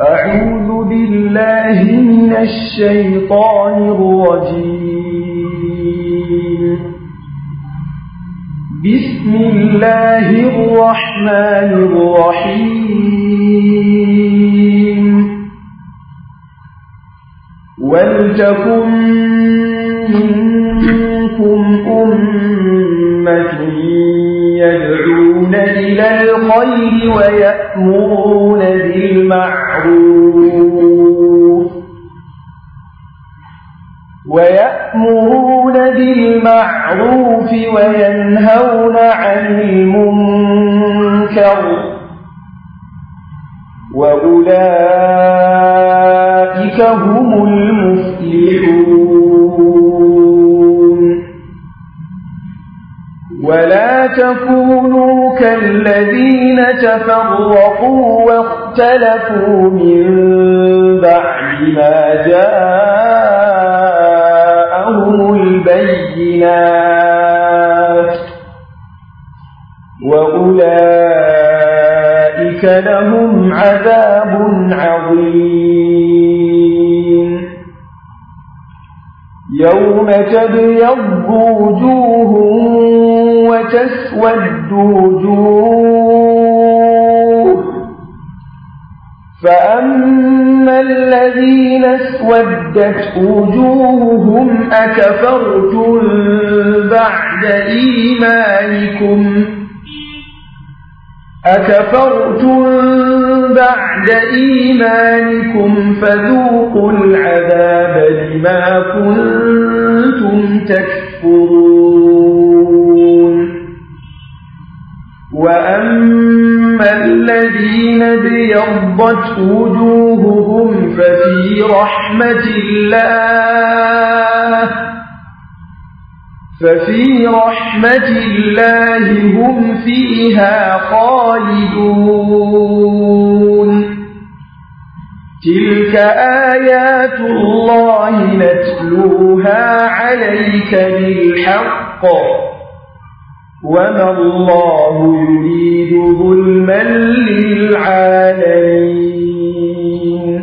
أعوذ بالله من الشيطان الرجيم بسم الله الرحمن الرحيم ولتكن منكم أمة إلى الخير ويأمرون بالمعروف ويأمرون بالمعروف وينهون عن المنكر وأولئك هم المفلحون ولا تكونوا كالذين تفرقوا واختلفوا من بعد ما جاءهم البينات وأولئك لهم عذاب عظيم يوم تبيض وجوههم وتسود وجوه فأما الذين اسودت وجوههم أكفرتم بعد إيمانكم أكفرتم بعد إيمانكم فذوقوا العذاب بما كنتم تكفرون ابيضت وجوههم ففي رحمة الله ففي رحمة الله هم فيها خالدون تلك آيات الله نتلوها عليك بالحق وما الله يريد ظلما للعالمين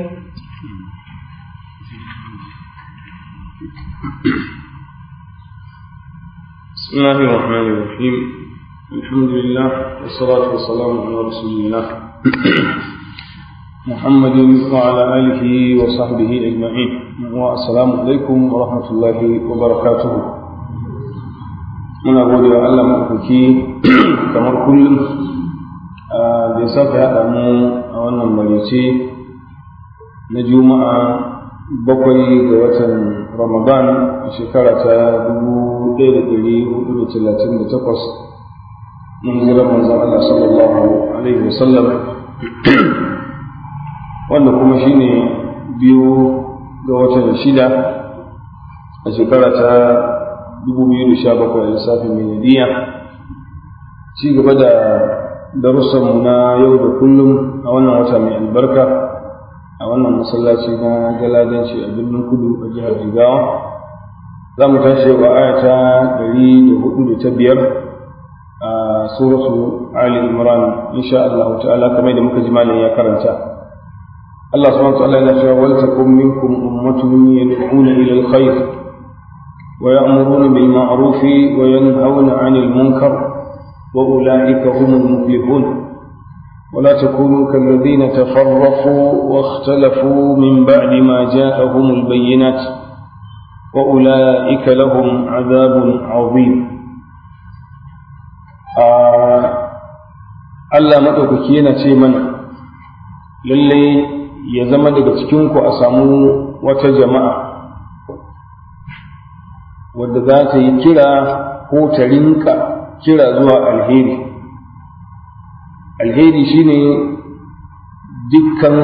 بسم الله الرحمن الرحيم الحمد لله والصلاة والسلام على رسول الله محمد وعلى آله وصحبه أجمعين والسلام عليكم ورحمة الله وبركاته muna gode wa Allah mafuki kamar kullum da ya sake haɗa mu a wannan marice na juma'a bakwai ga watan ramadan a shekara ta dubu ɗaya da ɗari hudu da talatin da takwas na hijirar manzon Allah sallallahu alaihi sallam wanda kuma shine biyu ga watan shida a shekara ta 2017 lissafin miliyadiya ci gaba da darussanmu na yau da kullum a wannan wata mai albarka a wannan masallaci na galadanci a birnin kudu a jihar jigawa za mu tashi wa aya ta biyar a suratu ali imran insha Allah ta'ala kamar da muka ji malamin ya karanta الله سبحانه وتعالى لا ولتكن منكم أمة يدعون إلى الخير ويأمرون بالمعروف وينهون عن المنكر وأولئك هم المفلحون ولا تكونوا كالذين تفرقوا واختلفوا من بعد ما جاءهم البينات وأولئك لهم عذاب عظيم ألا maɗaukaki yana للي mana lalle أسامو zama wadda za ta yi kira ko ta rinka kira zuwa alheri alheri shine dukkan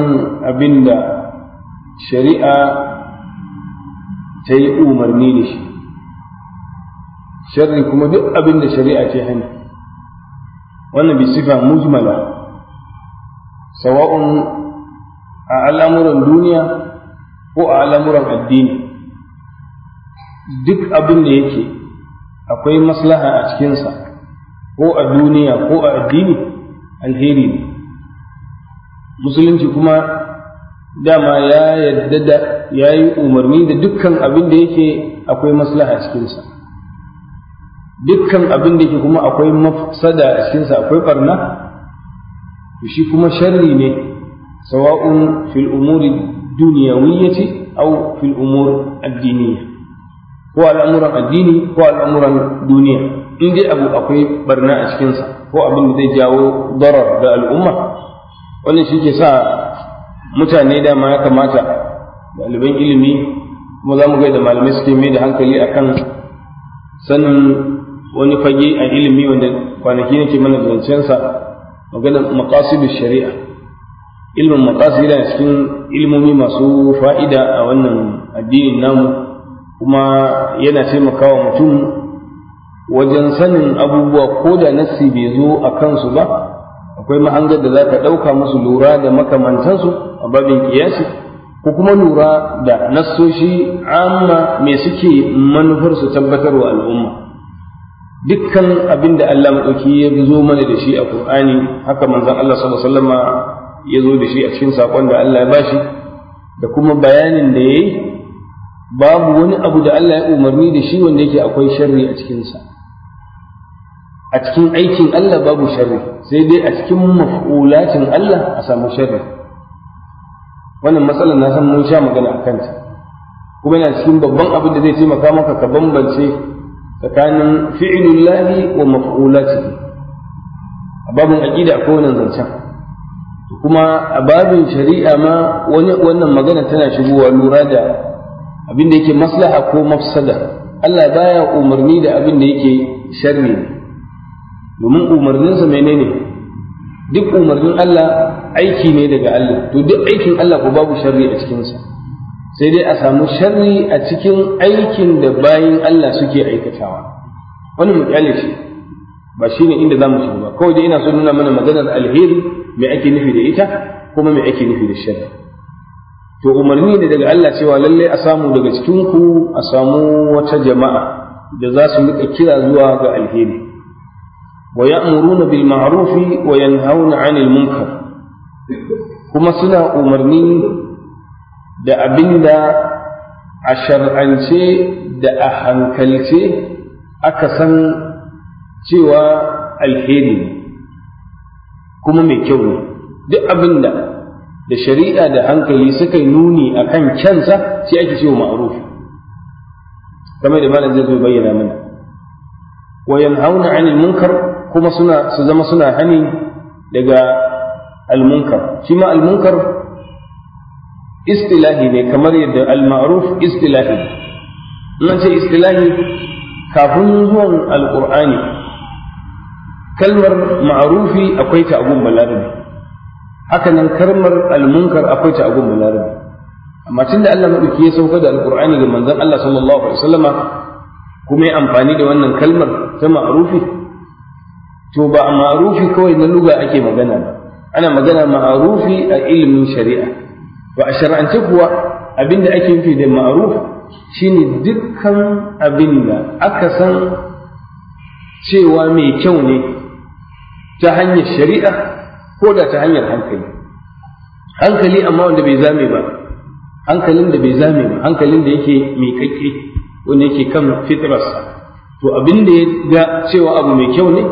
abinda shari'a ta yi umarni da shi sharri kuma duk abinda shari'a ce hannu. wannan bi sifa mujmala sawa'un a al'amuran duniya ko a al'amuran addini duk abin da yake akwai maslaha a cikinsa ko a duniya ko a addini alheri ne musulunci kuma dama ya yadda da ya yi umarni da dukkan abin da yake akwai maslaha a cikinsa dukkan abin da yake kuma akwai mafsada a cikinsa akwai barna to shi kuma sharri ne sawa'un fil umuri duniyawiyyati aw fil umur addiniyya ko al'amuran addini ko al'amuran duniya in dai abu akwai barna a cikinsa ko abin da zai jawo darar da al'umma wannan shi ke sa mutane dama ya kamata ɗaliban ilimi kuma za mu da malamai suke mai da hankali akan sanin wani fage a ilimi wanda kwanaki nake mana zancensa magana maqasidu shari'a ilmin maqasid yana cikin ilmomi masu fa'ida a wannan addinin namu kuma yana taimakawa mutum wajen sanin abubuwa ko da nassi bai zo a kansu ba akwai mahangar da za ka ɗauka musu lura da makamantansu a babin kiyasi ko kuma lura da nassoshi amma me suke manufar su tabbatarwa al'umma dukkan abin da Allah maɗauki ya zo mana da shi a Kur'ani haka manzon Allah sallallahu ya zo da shi a cikin saƙon da Allah ya bashi da kuma bayanin da ya yi babu wani abu da Allah ya umarni da shi wanda yake akwai sharri a cikinsa a cikin aikin Allah babu sharri sai dai a cikin maf'ulatin Allah a samu sharri wannan matsalar na san mun sha magana a kanta kuma yana cikin babban abin da zai taimaka maka ka bambance tsakanin fi'u-lahi wa maf'ulatihi a babin aqida akwai wannan zancen kuma a babin shari'a ma wannan magana tana shigowa lura da abin da yake maslaha ko mafsada Allah baya umarni da abin da yake sharri domin umarninsa menene duk umarnin Allah aiki ne daga Allah to duk aikin Allah ko babu sharri a cikinsa sai dai a samu sharri a cikin aikin da bayin Allah suke aikatawa wani mu shi ba shine inda zamu shiga ba kawai dai ina so nuna mana maganar alheri me ake nufi da ita kuma me ake nufi da sharri to umarni ne daga Allah cewa lallai a samu daga cikin ku a samu wata jama'a da za su rika kira zuwa ga alheri wa ya'muruna bil ma'rufi wa yanhauna 'anil munkar kuma suna umarni da abinda a shar'ance da a hankalce aka san cewa alheri kuma mai kyau ne duk abinda da shari'a da hankali suka yi nuni a kan kyansa sai ake cewa ma'arufi. kamar da malam zai zo bayyana mana wa yanhauna 'anil munkar kuma suna su zama suna hani daga almunkar? munkar shi ma al istilahi ne kamar yadda al-ma'ruf istilahi nan ce istilahi kafin zuwan al-qur'ani kalmar ma'rufi akwai ta abun balarabi haka nan karmar almunkar akwai ta agun balarabi amma tun da Allah maɗauki ya sauka da alƙur'ani ga manzon Allah sallallahu alaihi wasallama kuma ya amfani da wannan kalmar ta ma'rufi to ba ma'rufi kawai na luga ake magana ba ana magana ma'rufi a ilimin shari'a ba a shar'ance kuwa abinda ake nufi da ma'ruf shine dukkan abinda aka san cewa mai kyau ne ta hanyar shari'a ko da ta hanyar hankali hankali amma wanda bai zame ba hankalin da bai zame ba hankalin da yake miƙaƙƙe wanda yake kan fitras, to abin da ya ga cewa abu mai kyau ne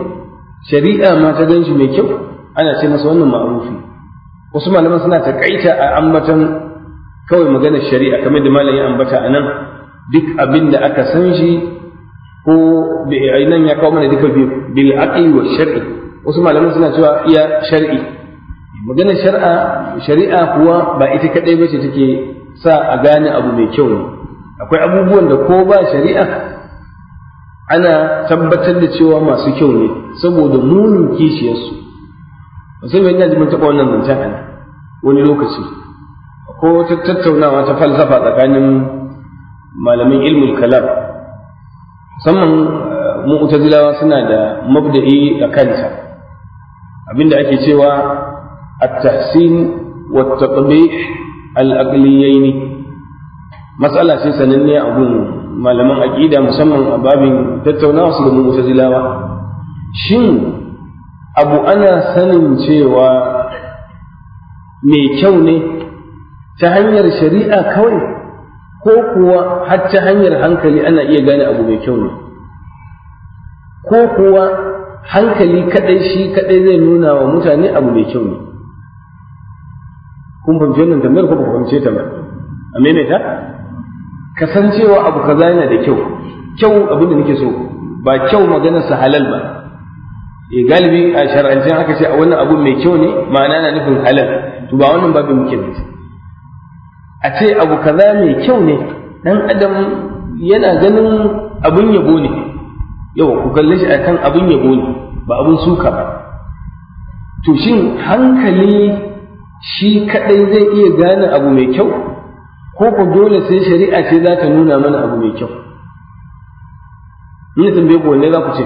shari'a ma ta gan shi mai kyau ana ce masa wannan ma'arufi wasu malaman suna taƙaita a ambatan kawai maganar shari'a kamar da malam ya ambata a nan duk abin da aka san shi ko nan ya kawo mana duka biyu bil aqli wa shar'i wasu malamai suna cewa iya shar'i maganar shari'a shari'a kuwa ba ita kadai bace take sa a gane abu mai kyau ne akwai abubuwan da ko ba shari'a ana tabbatar da cewa masu kyau ne saboda munin kishiyarsu musamman ina jimin taɓa wannan zancen ana wani lokaci ko ta tattaunawa ta falsafa tsakanin malamin ilmul kalam musamman eh, mu'tazilawa suna da mabda'i a kanta Abin da ake cewa at-tahsin wa at-taqbih al matsala ce sananne a gun malaman aƙida musamman a babin tattaunawa su da mu'tazilawa shin abu ana sanin cewa mai kyau ne ta hanyar shari'a kawai ko kuwa har ta hanyar hankali ana iya gane abu mai kyau ne ko kuwa hankali kadai shi kadai zai nuna wa mutane abu mai kyau ne kun fahimci wannan tambayar ko ba fahimce ta ba a maimaita kasancewa abu kaza yana da kyau kyau abin da nake so ba kyau maganar sa halal ba e galibi a shar'ancin haka ce a wannan abu mai kyau ne ma'ana na nufin halal to ba wannan babin muke nufi a ce abu kaza mai kyau ne dan adam yana ganin abun yabo ne yawa ku kalle shi a kan abin yabo ne ba abin suka ba to shin hankali shi kadai zai iya gane abu mai kyau ko ku dole sai shari'a ce za ta nuna mana abu mai kyau ni tambaye ku wanne za ku ce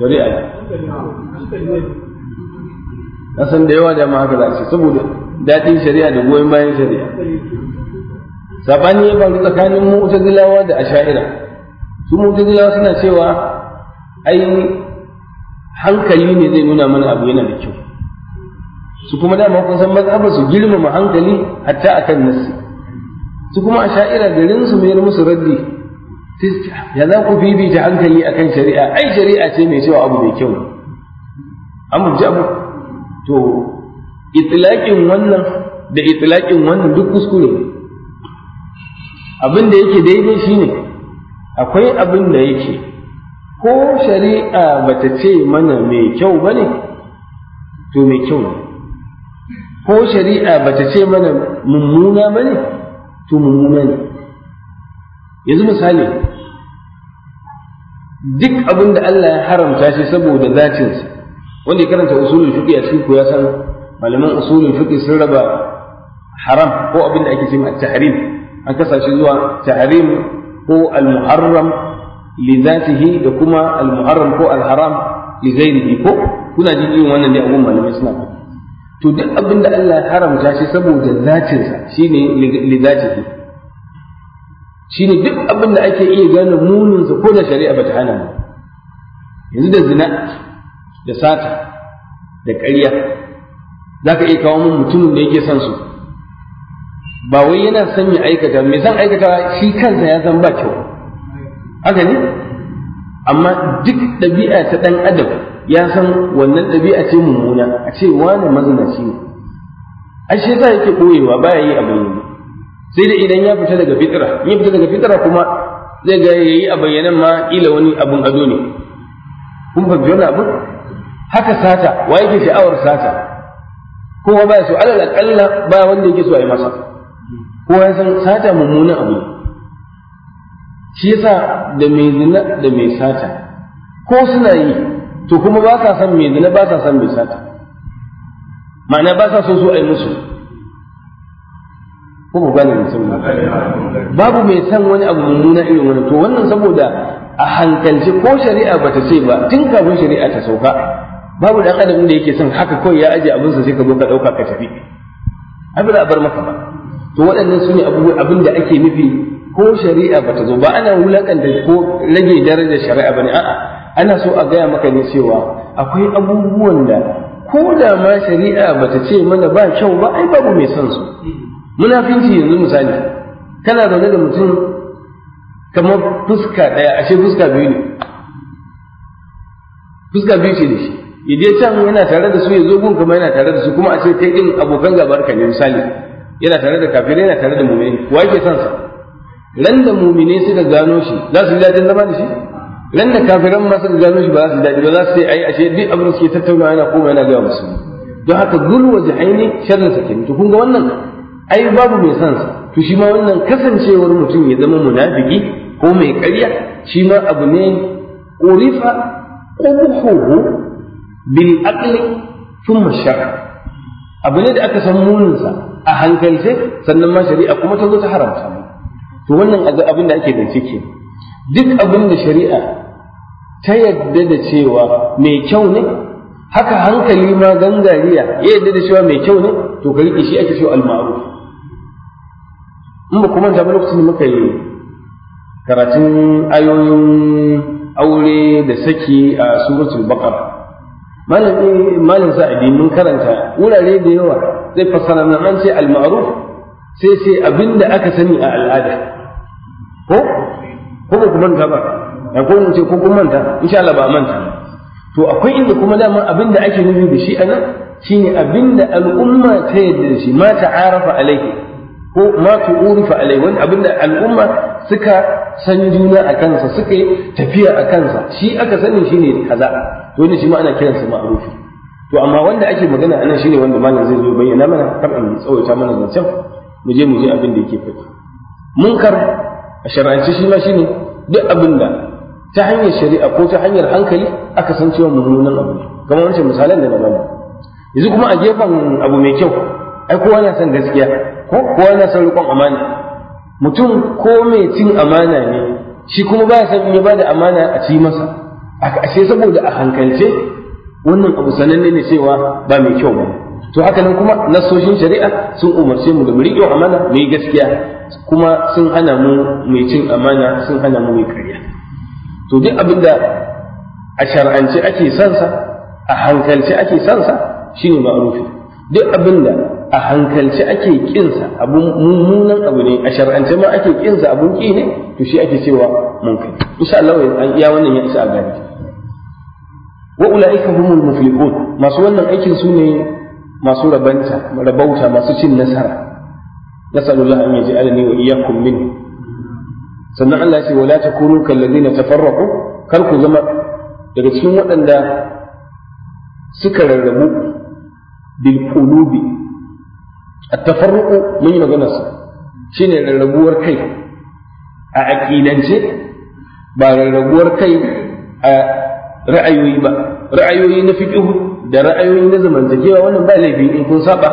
shari'a ne na san da yawa da ma haka za a ce saboda daɗin shari'a da goyon bayan shari'a sabani ya faru tsakanin mu'tazilawa da asha'ira su mutazila suna cewa ai hankali ne zai nuna mana abu yana da kyau su kuma dama kun san mazhabar su girmama hankali hatta akan nassi su kuma a sha'ira garin su mai musu raddi ya za ku bibita hankali akan shari'a ai shari'a ce mai cewa abu mai kyau amma ji abu to itilakin wannan da itilakin wannan duk kuskure abin da yake daidai shine akwai abin da yake ko shari'a bata ce mana mai kyau ba ne to mai kyau ne ko shari'a bata ce mana mummuna ba ne to mummuna ne yanzu misali duk abin da Allah ya haramta shi saboda zatinsa wanda ya karanta usulun fiqh a cikin ya san malaman usulun fiqh sun raba haram ko abin da ake cewa tahrim an kasa shi zuwa tahrim ko al-muharram li zatihi da kuma al-muharram ko al-haram li ko kuna jin wannan ne abun malamai suna faɗi to duk abin da Allah ya haramta shi saboda zatinsa shine li zatihi shine duk abin da ake iya gane muninsa ko da shari'a bata hana mu yanzu da zina da sata da ƙarya za ka iya kawo mun mutumin da yake son su ba wai yana son ya aikata me zan aikata shi kansa ya san ba kyau haka ne amma duk ɗabi'a ta ɗan adam ya san wannan ɗabi'a ce mummuna a ce wani mazinaci ne ashe za yake ɓoyewa baya yi a bayyane sai da idan ya fita daga fitira ya fita daga fitira kuma zai ga yayi a bayyane ma ila wani abun ado ne kun fahimci wani abun haka sata wa yake sha'awar sata kowa ya so alal aƙalla ba wanda yake so a yi masa kowa ya san sata mummuna abu shi yasa da mai zina da mai sata ko suna yi to kuma ba sa san mai zina ba sa san mai sata ma'ana ba sa so su ai musu ko ba gane ba, babu mai san wani abu mummuna irin wani to wannan saboda a hankalci ko shari'a ba ta ce ba tun kafin shari'a ta sauka babu da adam da yake son haka kawai ya aje abinsa sai ka zo ka ɗauka ka tafi abin da a bar maka ba to waɗannan su ne abin da ake nufi ko shari'a bata zo ba ana da ko rage darajar shari'a bane a'a ana so a gaya maka ne cewa akwai abubuwan da ko da ma shari'a bata ce mana ba kyau ba ai babu mai son su munafinci yanzu misali kana zaune da mutum kamar fuska ɗaya ashe fuska biyu ne fuska biyu ce da shi idan can yana tare da su ya zo gun kuma yana tare da su kuma a ce kai din abokan gabar ka ne misali yana tare da kafirai yana tare da mumini wa yake son sa ran da mumini suka gano shi za su ji dadin zama da shi ran da kafiran ma suka gano shi ba za su ji dadi ba za su sai ai ashe duk abin da suke tattaunawa yana koma yana gaya musu don haka gulwa jahaini sharrin sa kenan to kun ga wannan ai babu mai son sa to shi ma wannan kasancewar mutum ya zama munafiki ko mai ƙarya shi ma abu ne urifa qubuhu bil aqli thumma shar abu ne da aka san muninsa a hankalce sannan ma shari'a kuma ta zo ta haramta mu to wannan abin da ake zance ke duk abin da shari'a ta yadda da cewa mai kyau ne haka hankali ma gangariya ya yadda da cewa mai kyau ne to ka riƙe shi ake cewa al in ba kuma ta ba lokacin muka yi karatun ayoyin aure da saki a suratul baqara malam malam sa'idi mun karanta wurare da yawa zai fassara nan an ce al-ma'ruf sai ce abinda aka sani a al'ada ko ko ba ku manta ba a ko mun ce ko kun manta insha Allah ba manta to akwai inda kuma dama abinda ake nufi da shi anan shine abinda al'umma ta yadda da shi ma ta'arafa alaihi ko ma tu'urifa alaihi wani abinda al'umma suka san juna a kansa suka yi tafiya a kansa shi aka sani shine kaza to ne shi ma ana kiransa ma'rufi to amma wanda ake magana a nan shine wanda malam zai zo bayyana mana kar an tsawaita mana zancen mu je mu je abin da yake faɗi munkar a shar'ance shi ma shine duk abin da ta hanyar shari'a ko ta hanyar hankali aka san cewa mummunan abu ne kamar wancan misalan da na bani yanzu kuma a gefen abu mai kyau ai kowa na san gaskiya ko kowa na san riƙon amana mutum ko mai cin amana ne shi kuma baya san me ba bada amana a ci masa ashe saboda a hankalce wannan abu sananne ne cewa ba mai kyau ba to haka nan kuma nasoshin shari'a sun umarce mu da mu riƙe amana mu yi gaskiya kuma sun hana mu mai cin amana sun hana mu mai karya to duk abin da a shar'ance ake son sa a hankalce ake son sa shine ma'rufi duk abin da a hankalce ake sa abun mummunan abu ne a shar'ance ma ake sa abun ki ne to shi ake cewa munkari insha Allah iya wannan ya isa a gani wa ula'ika humul muflihun masu wannan aikin su ne masu rabanta rabauta masu cin nasara nasallallahu an yaj'alani wa iyyakum min sannan Allah ya ce wala takunu kal ladina tafarraqu kar ku zama daga cikin waɗanda suka rarrabu bil qulubi at-tafarruqu mun yi maganar sa shine rarrabuwar kai a aqidance ba rarrabuwar kai a ra'ayoyi ba ra'ayoyi na fiqhu da ra'ayoyi na zamantakewa wannan ba laifi in kun saba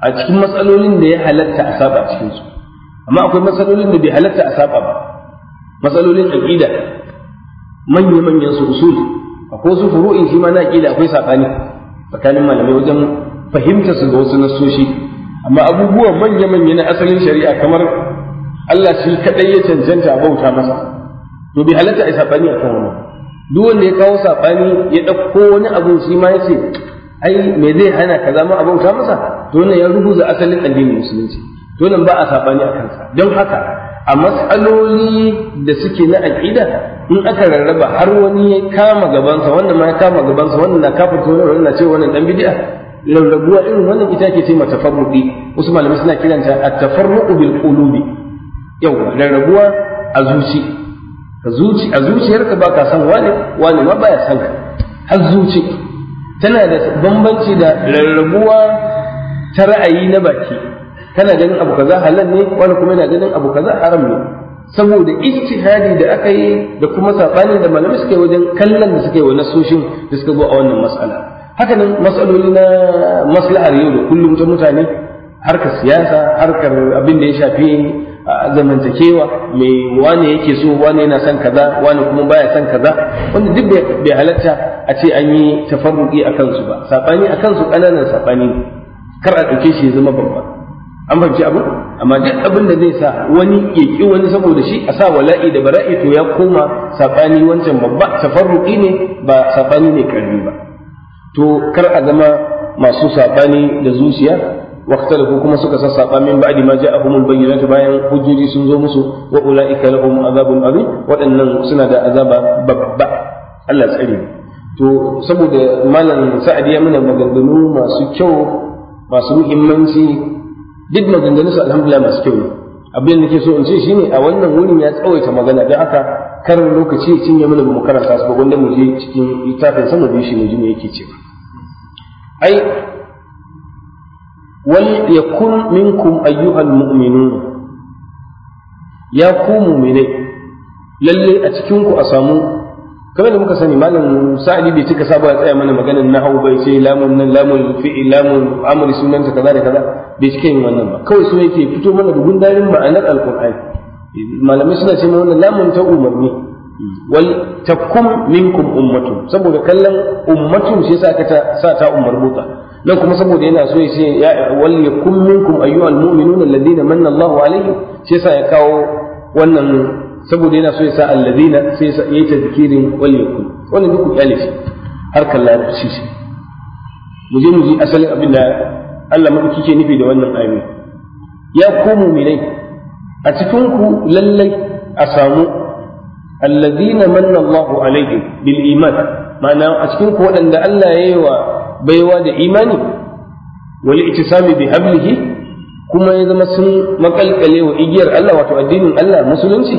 a cikin matsalolin da ya halatta a saba cikin su amma akwai matsalolin da bai halatta a saba ba matsalolin aqida manya manyan su usul akwai su furu'in shi ma na aqida akwai sabani tsakanin malamai wajen fahimta su ga wasu nasoshi. amma abubuwa manya manya na asalin shari'a kamar Allah shi kadai ya cancanta bauta masa to bai halatta a sabani akan wannan duk wanda ya kawo saɓani ya ɗauko wani abu shi ma yace ai me zai hana kaza zama abin ka masa to ne ya rubuta asalin addinin musulunci to nan ba a saɓani a kansa don haka a matsaloli da suke na aqida in aka rarraba har wani ya kama gabansa wannan ma ya kama gabansa wannan na kafa tonar wannan na ce wannan dan bid'a rarrabuwa irin wannan ita ke ce mata tafarruqi wasu malamai suna kiranta at-tafarruqu bil qulubi yau rarrabuwa a zuci a zuciyarka ba ka san wani wani ma baya san ka har zuci tana da bambanci da rarrabuwa ta ra'ayi na baki kana ganin abu kaza halal ne wani kuma yana ganin abu kaza haram ne saboda ijtihadi da aka yi da kuma sabani da malamai suke wajen kallon da suke wa nasoshin da suka zo a wannan mas'ala haka nan mas'aloli na maslahar yau da kullum ta mutane harkar siyasa harkar abin da ya shafi zamantakewa mai wani yake so wani yana son kaza wani kuma baya son kaza wanda duk bai halatta a ce an yi tafarruki a kansu ba sabani a kansu kananan sabani kar a ɗauke shi ya zama babba an fahimci abu amma duk abin da zai sa wani ya ki wani saboda shi a sa wala'i da bara'i to ya koma sabani wancan babba tafarruki ne ba sabani ne karbi ba to kar a zama masu sabani da zuciya واختلفوا كما سكا سساقا من بعد ما جاءهم البينات باين حجوجي سنزو مسو وأولئك لهم عذاب عظيم da سنة عذاب ببع الله سعيد to saboda malam sa'ad ya mana maganganu masu kyau masu muhimmanci duk maganganu su alhamdulillah masu kyau ne abin da ke so in ce ne, a wannan wurin ya tsawaita magana don aka kar lokaci ya cinye mana mu karanta su ba wanda mu je cikin littafin sama da shi mu ji me yake cewa ai wal yakun minkum ayyuhal mu'minun ya ku mu'minai lalle a cikin a samu kamar da muka sani malam sa'adi bai cika saba ya tsaya mana maganin na hau bai sai lamun nan lamun fi'i lamun amri sunanta kaza da kaza bai cika yin wannan ba kawai so yake fito mana da gundarin ma'anar alqur'ani malamai suna ce wannan lamun ta minkum ummatu saboda kallon yasa sa ta umar nan kuma saboda yana so ya ce ya walli kun minkum ayyuhal mu'minun alladhina manna Allahu alaihim sai ya kawo wannan saboda yana so ya sa alladhina sai ya yi tazkirin walli kun wannan duk ya lafi harkar larabci shi mu je mu ji asalin abin da Allah madauki ke nufi da wannan ayoyi ya ku mu'minai a cikin ku lallai a samu manna Allahu bil iman ma'ana a cikin ku waɗanda Allah ya yi wa baiwa da imani wal ittisami bi hablihi kuma ya zama sun makalkale wa igiyar Allah wato addinin Allah musulunci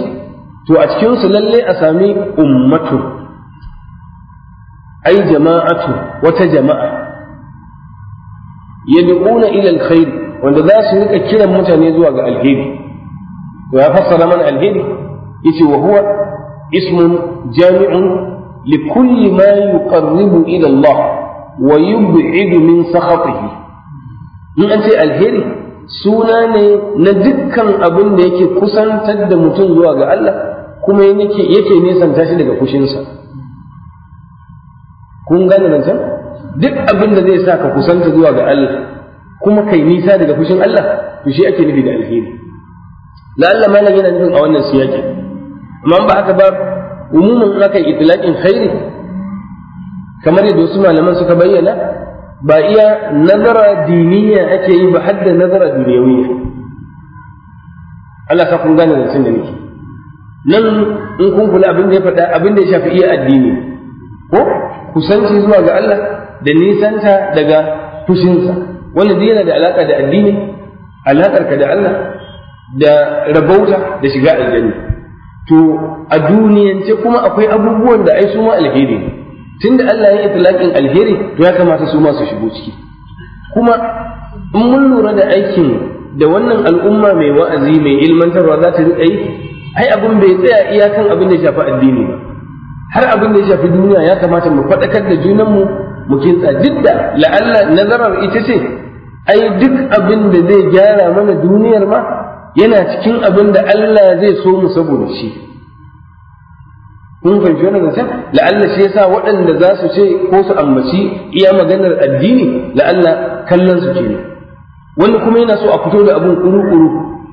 to a cikin su lalle a sami ummatu ai jama'atu wata jama'a yad'una ila alkhair wanda za su rika kiran mutane zuwa ga alheri to ya fassara mana alheri yace wa huwa ismun jami'un likulli ma yuqarribu ila Allah wa من سخطه sakhatihi in an ce alheri suna ne na dukkan abin da yake kusantar da mutum zuwa ga Allah kuma yake yake nisan shi daga kushinsa kun gane nan can duk abin da zai sa ka kusanta zuwa ga Allah kuma kai nisa daga kushin Allah to shi ake nufi da alheri la Allah malam yana nufin a wannan siyaki amma ba haka ba umumin aka itlaqin khairi kamar yadda wasu malaman suka bayyana ba iya nazara diniya ake yi ba hadda nazara duniyawiya Allah sa kun gane zancen da nake nan in kun kula abin da ya faɗa abin da ya shafi iya addini ko kusanci zuwa ga Allah da nisanta daga fushinsa wannan duk yana da alaka da addini alakarka da Allah da rabauta da shiga aljanna to a duniyance kuma akwai abubuwan da ai su ma alheri ne tunda Allah ya talakin alheri to ya kamata su masu shigo ciki kuma in mun lura da aikin da wannan al'umma mai wa'azi mai ilmantarwa za ta riƙa yi ai abin bai tsaya iyakan abin da ya shafi addini ba har abin da ya shafi duniya ya kamata mu faɗakar da junanmu mu kintsa duk da la'alla nazarar ita ce ai duk abin da zai gyara mana duniyar ma yana cikin abin da Allah zai so mu saboda shi kun fahimci wannan zancen la'alla shi yasa waɗanda za su ce ko su ambaci iya maganar addini la'alla kallon su kenan wanda kuma yana so a fito da abun kuru-kuru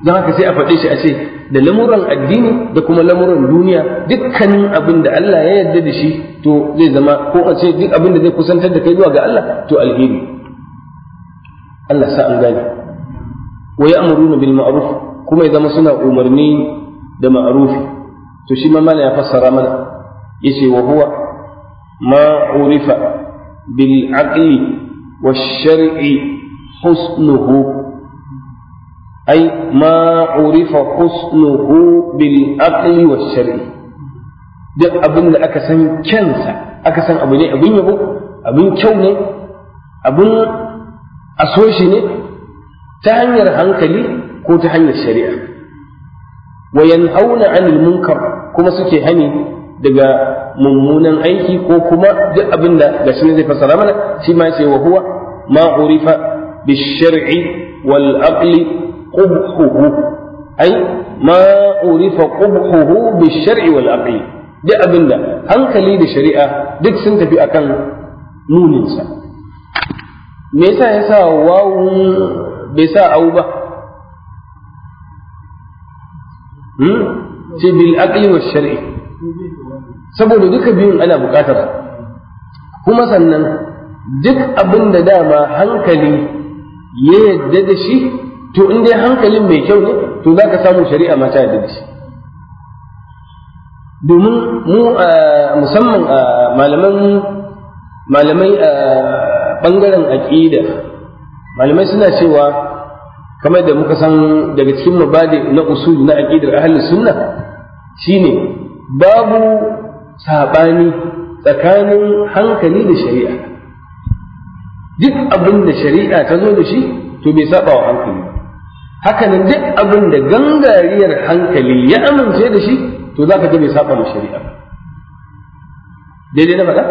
za haka sai a faɗe shi a ce da lamuran addini da kuma lamuran duniya dukkanin abin da Allah ya yarda da shi to zai zama ko a ce duk abin da zai kusantar da kai zuwa ga Allah to alheri Allah sa an gane wa ya'muruna bil ma'ruf kuma ya zama suna umarni da ma'rufi to shi ma ya fassara mana yace wa huwa ma urifa bil aqli wa shar'i husnuhu urifa husnuhu bil aqli wash shar'i duk abin da aka san kyansa aka san abu ne abin yabo abin kyau ne abin asoshi ne ta hanyar hankali ko ta hanyar shari'a وينهون عن المنكر كما سكي هني دقا ممونا أيكي كوكما دقا بندا لسنة فسلامنا سيما سي وهو ما عرف بالشرع والعقل قبحه أي ما عرف قبحه بالشرع والأقل دقا بندا أنك لي بشريعة دك سنت في أكل نون إنسان ميسا يسا واو بيسا أوبا ce hmm? bil wa shar'i saboda duka biyun ana buƙatar kuma sannan duk abin da dama hankali ya yadda da shi to in dai hankalin mai kyau ne to za ka samu shari'a ma ta yadda da shi domin mu musamman a malaman malamai a ɓangaren aƙida malamai suna cewa kamar da muka san daga cikin mabadi na usul na aqidar ahli sunna shine babu sabani tsakanin hankali da shari'a duk abin da shari'a ta zo da shi to bai saba wa hankali hakanan duk abin da gangariyar hankali ya amince da shi to zaka ga bai saba wa shari'a daidai na faɗa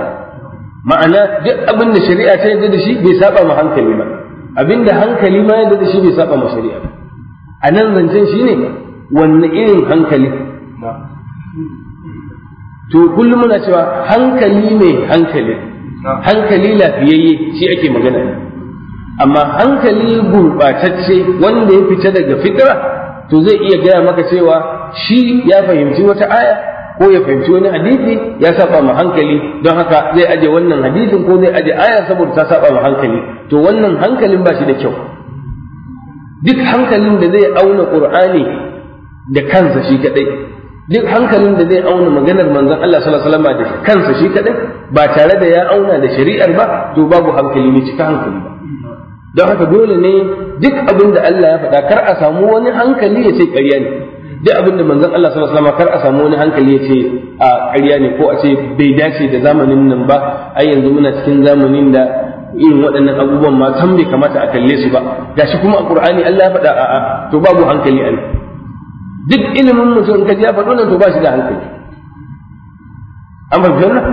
ma'ana duk abin da shari'a ta yarda da shi bai saba wa hankali ba abinda hankali ma yadda da shi bai saba ma shari'a a nan zancen shi ne wanne irin hankali to kullum muna cewa hankali mai hankali hankali lafiyayye shi ake magana amma hankali gurɓatacce wanda ya fita daga fitra to zai iya gaya maka cewa shi ya fahimci wata aya ko ya fahimci wani hadisi ya saba ma hankali don haka zai aje wannan hadisin ko zai aje aya saboda ta saba ma hankali to wannan hankalin ba shi da kyau duk hankalin da zai auna qur'ani da kansa shi kadai duk hankalin da zai auna maganar manzon Allah sallallahu alaihi wasallam da kansa shi kadai ba tare da ya auna da shari'ar ba to babu hankali ne cika hankali ba don haka dole ne duk abin da Allah ya faɗa kar a samu wani hankali ya ce ƙarya ne duk abin da manzon Allah sallallahu alaihi wasallam kar a samu wani hankali ya ce a ƙarya ne ko a ce bai dace da zamanin nan ba ai yanzu muna cikin zamanin da irin waɗannan abubuwan ma san bai kamata a kalle su ba gashi kuma a Qur'ani Allah ya faɗa a'a to babu hankali a nan duk ilimin mutum ka ya faɗo nan to ba shi da hankali an fahimci wannan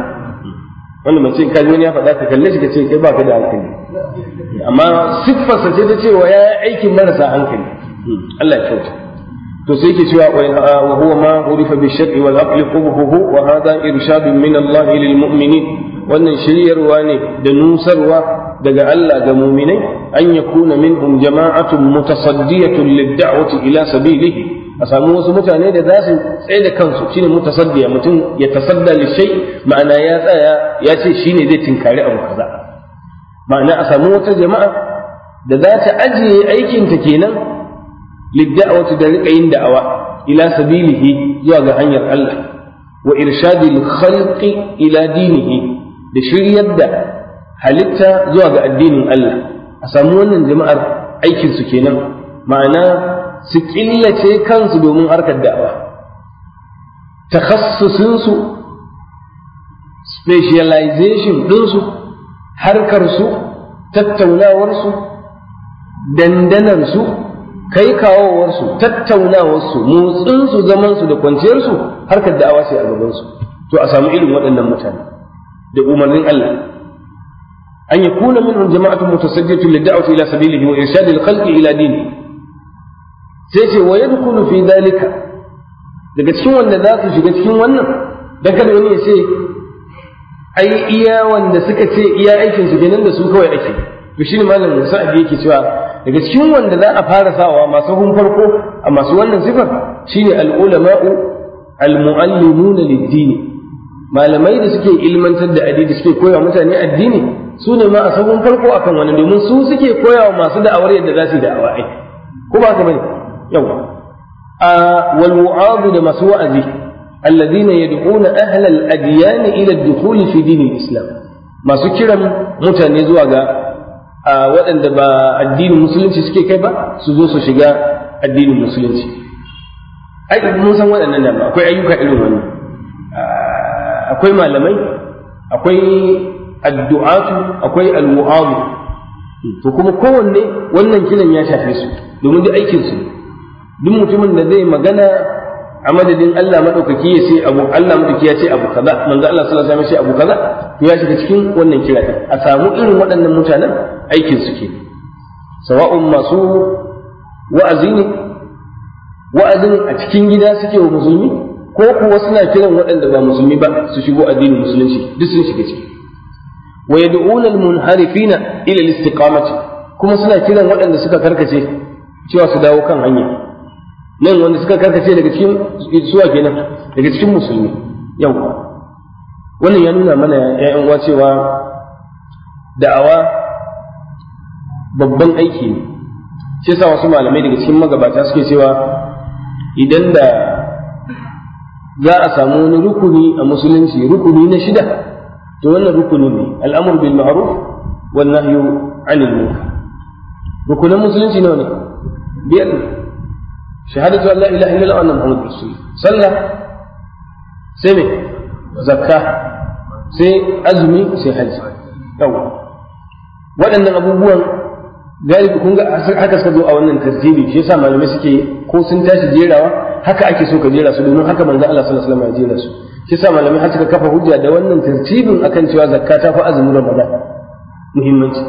wanda mace ka wani ya faɗa ka kalle shi ka ce kai ba ka da hankali amma siffarsa ce ta cewa ya yi aikin marasa hankali Allah ya kyauta to sai ke cewa uh, wa huwa ma hurifa bi shar'i wal aqli qubhuhu wa hadha irshadun min Allah lil mu'minin wannan shiryarwa ne da nusarwa daga Allah ga mu'minai an yakuna minhum jama'atun mutasaddiyatun lid ila sabilihi a samu wasu mutane da za su tsaye da kansu shine mutasaddiya mutum ya tasadda li shay ma'ana ya tsaya ya ce shine zai tinkari abu kaza ma'ana a samu wata jama'a da za ta ajiye aikinta kenan lidda'awati da rika yin da'awa ila sabilihi zuwa ga hanyar Allah wa irshadil ila dinihi da shiryar da halitta zuwa ga addinin Allah a samu wannan jama'ar aikinsu kenan ma'ana su killace kansu domin harkar da'awa takhassusin su specialization ɗinsu harkar su tattaunawar su su kai kawowarsu tattaunawarsu motsinsu zamansu da kwanciyarsu harkar da'awa sai a su to a samu irin waɗannan mutane da umarnin Allah an yi kuna minhum jama'atun mutasajjatun lid'awati ila sabilihi wa al khalqi ila dini sai ce wa yadkhulu fi dalika daga cikin wanda za su shiga cikin wannan da kada wani ya ce ai iya wanda suka ce iya aikin su kenan da su kawai ake to shine malamin sa'adi yake cewa daga cikin wanda za a fara sawa masu hun farko a masu wannan sifar shine al-ulama'u al-mu'allimuna lid-dini malamai da suke ilmantar da addini suke koya mutane addini su ne ma a sahun farko akan wani domin su suke koya wa masu da'awar yadda za su yi da'awa ai ko ba ka bane yawa a wal mu'adu da masu wa'azi alladhina yad'una ahla al-adyan ila ad-dukhul fi din al-islam masu kiran mutane zuwa ga a waɗanda ba addinin musulunci suke kai ba su zo su shiga addinin musulunci ai mun san waɗannan da akwai ayyuka irin wannan akwai malamai akwai addu'atu akwai almu'adu to kuma kowanne wannan kiran ya shafe su domin duk aikin su duk mutumin da zai magana a madadin Allah madaukaki ya ce abu Allah madaukaki ya ce abu kaza manzo Allah sallallahu alaihi wasallam ya ce abu kaza ya shiga cikin wannan kira a samu irin waɗannan mutanen aikin suke. sawa'un masu wa'azi ne wa'azin a cikin gida suke wa musulmi ko kuwa suna kiran waɗanda ba musulmi ba su shigo addinin musulunci duk sun shiga ciki wa yad'una al-munharifina ila al-istiqamati kuma suna kiran waɗanda suka karkace cewa su dawo kan hanya nan wanda suka karkace daga cikin suwa kenan daga cikin musulmi yawa wannan ya nuna mana ‘ya'yan uwa cewa da'awa babban aiki ne shi yasa wasu malamai daga cikin magabata suke cewa idan da za a samu wani rukuni a musulunci rukuni na shida to wannan rukuni ne al'amur bil ma'ruf wan nahyu 'anil munkar rukunan musulunci ne biyar shahadatu an la ilaha illallah wa anna rasul sallah sai me zakka sai azumi sai hajji yawa waɗannan abubuwan galibi kun ga haka suka zo a wannan tarjibi shi yasa malamai suke ko sun tashi jerawa haka ake so ka jera su domin haka manzo Allah sallallahu alaihi wasallam ya jera su shi yasa malamai har suka kafa hujja da wannan tartibin akan cewa zakka ta fa azumin Ramadan muhimmanci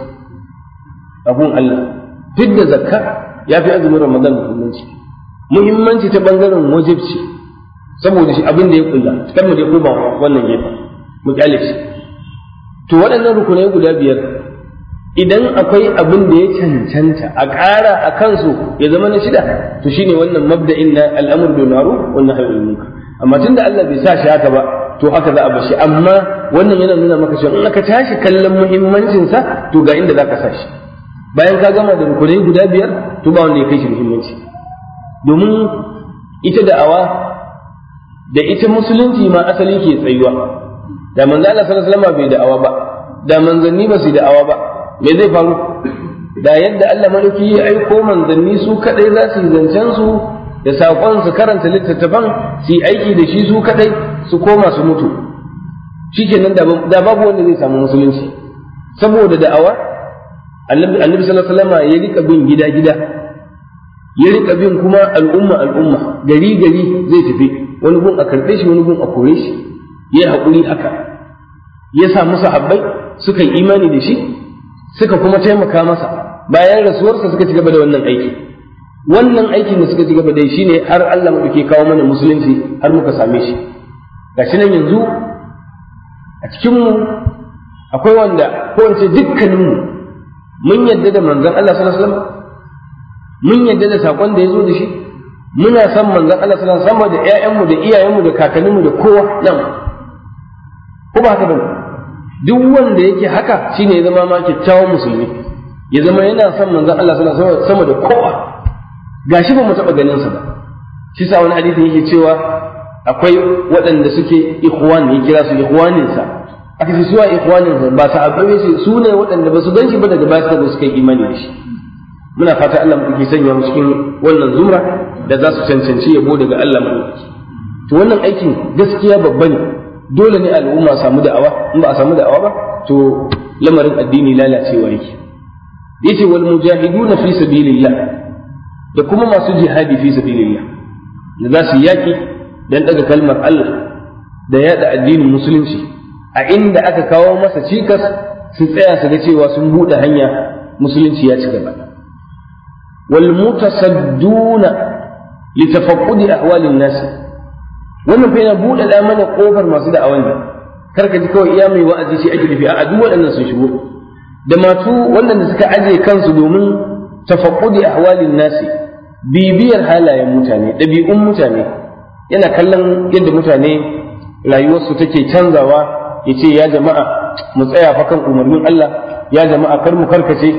abun Allah duk da zakka ya fi azumin Ramadan muhimmanci muhimmanci ta bangaren wajibci saboda shi abin da ya kulla kamar da ya kuma wannan gefen mu kyale shi to waɗannan rukunai guda biyar idan akwai abin da ya cancanta a ƙara a kansu ya zama na shida to shine wannan mabda'in na al'amur bil ma'ruf wa nahyi anil munkar amma tunda Allah bai sa shi haka ba to haka za a bashi amma wannan yana nuna maka cewa in ka tashi kallon muhimmancin sa to ga inda zaka sashi bayan ka gama da rukunai guda biyar to ba wanda ya kai shi muhimmanci domin ita da'awa da ita musulunci ma asali ke tsayuwa da manzo Allah sallallahu alaihi wasallam bai da'awa ba da manzanni ba su da'awa ba me zai faru da yadda Allah maliki ya aiko manzanni su kadai za su zancen su da sakon su karanta littattafan su yi aiki da shi su kadai su koma su mutu shikenan da babu wanda zai samu musulunci saboda da'awa annabi sallallahu alaihi wasallam ya rika bin gida gida ya rika bin kuma al'umma al'umma gari gari zai tafi wani gun a karbe shi wani gun a kore shi ya haƙuri haka ya sa musu habbai suka yi imani da shi suka kuma taimaka masa bayan rasuwarsa suka ci gaba da wannan aiki wannan aikin da suka ci gaba da shi ne har Allah ke kawo mana musulunci har muka same shi gashi nan yanzu a cikinmu akwai wanda ko dukkanin dukkaninmu mun yadda da manzon Allah sallallahu alaihi wasallam mun yadda da sakon da ya zo da shi muna san manzon Allah sallallahu alaihi wasallam da ƴaƴanmu da iyayenmu da kakanninmu da kowa nan ko ba haka ba duk wanda yake haka shine ya zama ma kyakkyawan musulmi ya zama yana son manzon Allah sallallahu alaihi sama da kowa gashi ba mu taba ganin sa ba shi sa wani hadisi yake cewa akwai waɗanda suke ikhwan ya kira su ikhwanin sa aka ce suwa ikhwanin sa ba sahabbai su su ne waɗanda ba su ganshi ba daga baya da suka yi imani da shi muna fata Allah mu kike sanya mu cikin wannan zumra da za su cancanci yabo daga Allah mu to wannan aikin gaskiya babba ne dole ne al'umma samu da'awa in ba a samu da'awa ba to lamarin addini lalacewa yake yace wal mujahiduna fi sabilillah da kuma masu jihadi fi sabilillah da za su yaki dan daga kalmar Allah da yada addinin musulunci a inda aka kawo masa cikas su tsaya su ga cewa sun buɗe hanya musulunci ya ci gaba wal mutasadduna li ahwalin nasi wannan fa yana buɗe da mana kofar masu da ne kar ka ji kawai iya mai wa'azi shi ake nufi a duk waɗannan sun shigo da matu waɗanda suka aje kansu domin tafaqqudi ahwalin nasi bibiyar halayen mutane ɗabi'un mutane yana kallon yadda mutane rayuwarsu take canzawa ya ce ya jama'a mu tsaya fa kan umarnin Allah ya jama'a kar mu karkace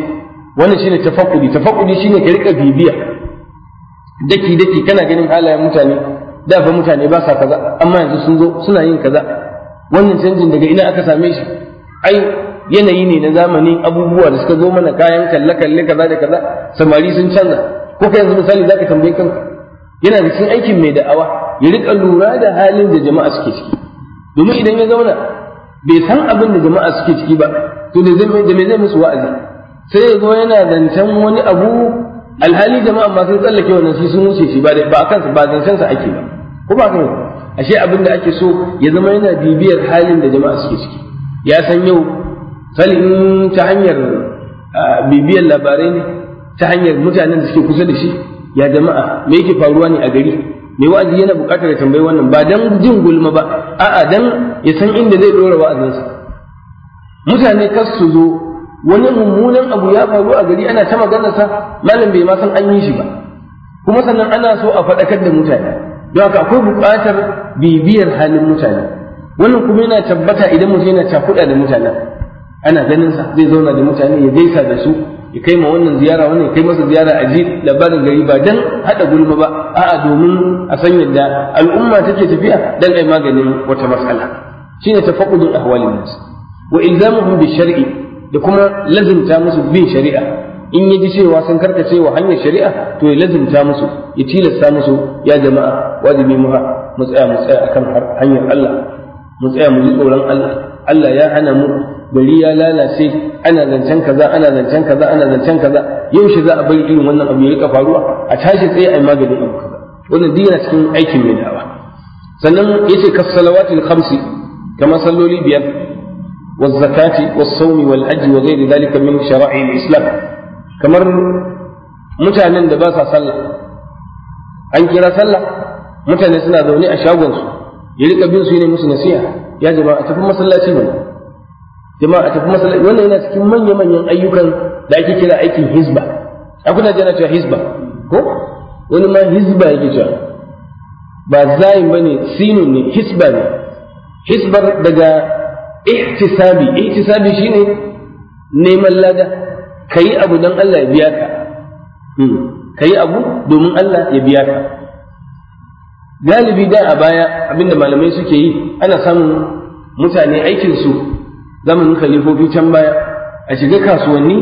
wannan shine tafakkudi tafakkudi shine ka rika bibiya daki daki kana ganin halayen mutane da fa mutane ba sa kaza amma yanzu sun zo suna yin kaza wannan canjin daga ina aka same shi ai yanayi ne na zamani abubuwa da suka zo mana kayan kalle kalle kaza da kaza samari sun canza ko kai yanzu misali zaka tambaye kanka yana da cikin aikin mai da'awa ya rika lura da halin da jama'a suke ciki domin idan ya zauna bai san abin da jama'a suke ciki ba to da me zai musu wa'azi sai ya zo yana zancen wani abu alhali jama'a ma sun tsallake wannan shi sun wuce shi ba a kansa ba sa ake ba ko ba kai ashe abin da ake so ya zama yana bibiyar halin da jama'a suke ciki ya san yau sali in ta hanyar bibiyar labarai ne ta hanyar mutanen da suke kusa da shi ya jama'a me yake faruwa ne a gari Me wa'azi yana bukatar ya tambayi wannan ba dan jin gulma ba a'a dan ya san inda zai dora wa'azinsa mutane kar su zo wani mummunan abu ya faru a gari ana ta sa malam bai ma san an yi shi ba kuma sannan ana so a faɗakar da mutane don haka akwai buƙatar bibiyar halin mutane wannan kuma yana tabbata idan mutum yana cakuɗa da mutanen ana ganin sa zai zauna da mutane ya gaisa da su ya kai ma wannan ziyara wannan ya kai masa ziyara a ji labarin gari ba dan haɗa gulma ba a'a domin a san yadda al'umma take tafiya dan ai maganin wata matsala shine tafaqudul ahwalin nas wa ilzamuhum bi shar'i da kuma lazimta musu bin shari'a in ya ji cewa sun karkace wa hanyar shari'a to ya lazimta musu ya tilasta musu ya jama'a wajibi mu mu tsaya mu tsaya akan hanyar Allah mu tsaya mu ji tsoron Allah Allah ya hana mu gari ya lalace ana zancen kaza ana zancen kaza ana zancen kaza yaushe za a bari irin wannan abu ya rika faruwa a tashi tsaye a yi maganin abu kaza wannan duk cikin aikin mai da'awa sannan ya ce yace kasalawatil khamsi kamar salloli biyar والزكاة والصوم والحج وغير ذلك من شرائع الإسلام kamar mutanen da ba sa sallah an kira sallah mutane suna zaune a shagonsu ya rika bin su ne musu nasiha ya jama'a a tafi masallaci ne jama'a a tafi masallaci wannan yana cikin manya manyan ayyukan da ake kira aikin hizba a kuna jana cewa hizba ko wani ma hizba yake cewa ba zayin bane sinu ne hisba ne hisbar daga ihtisabi ihtisabi shine neman lada ka yi abu don Allah ya biya ka hmm. ka yi abu domin Allah ya biya ka galibi da a baya abinda malamai suke yi ana samun mutane aikinsu zamanin kalifofi can baya a shiga kasuwanni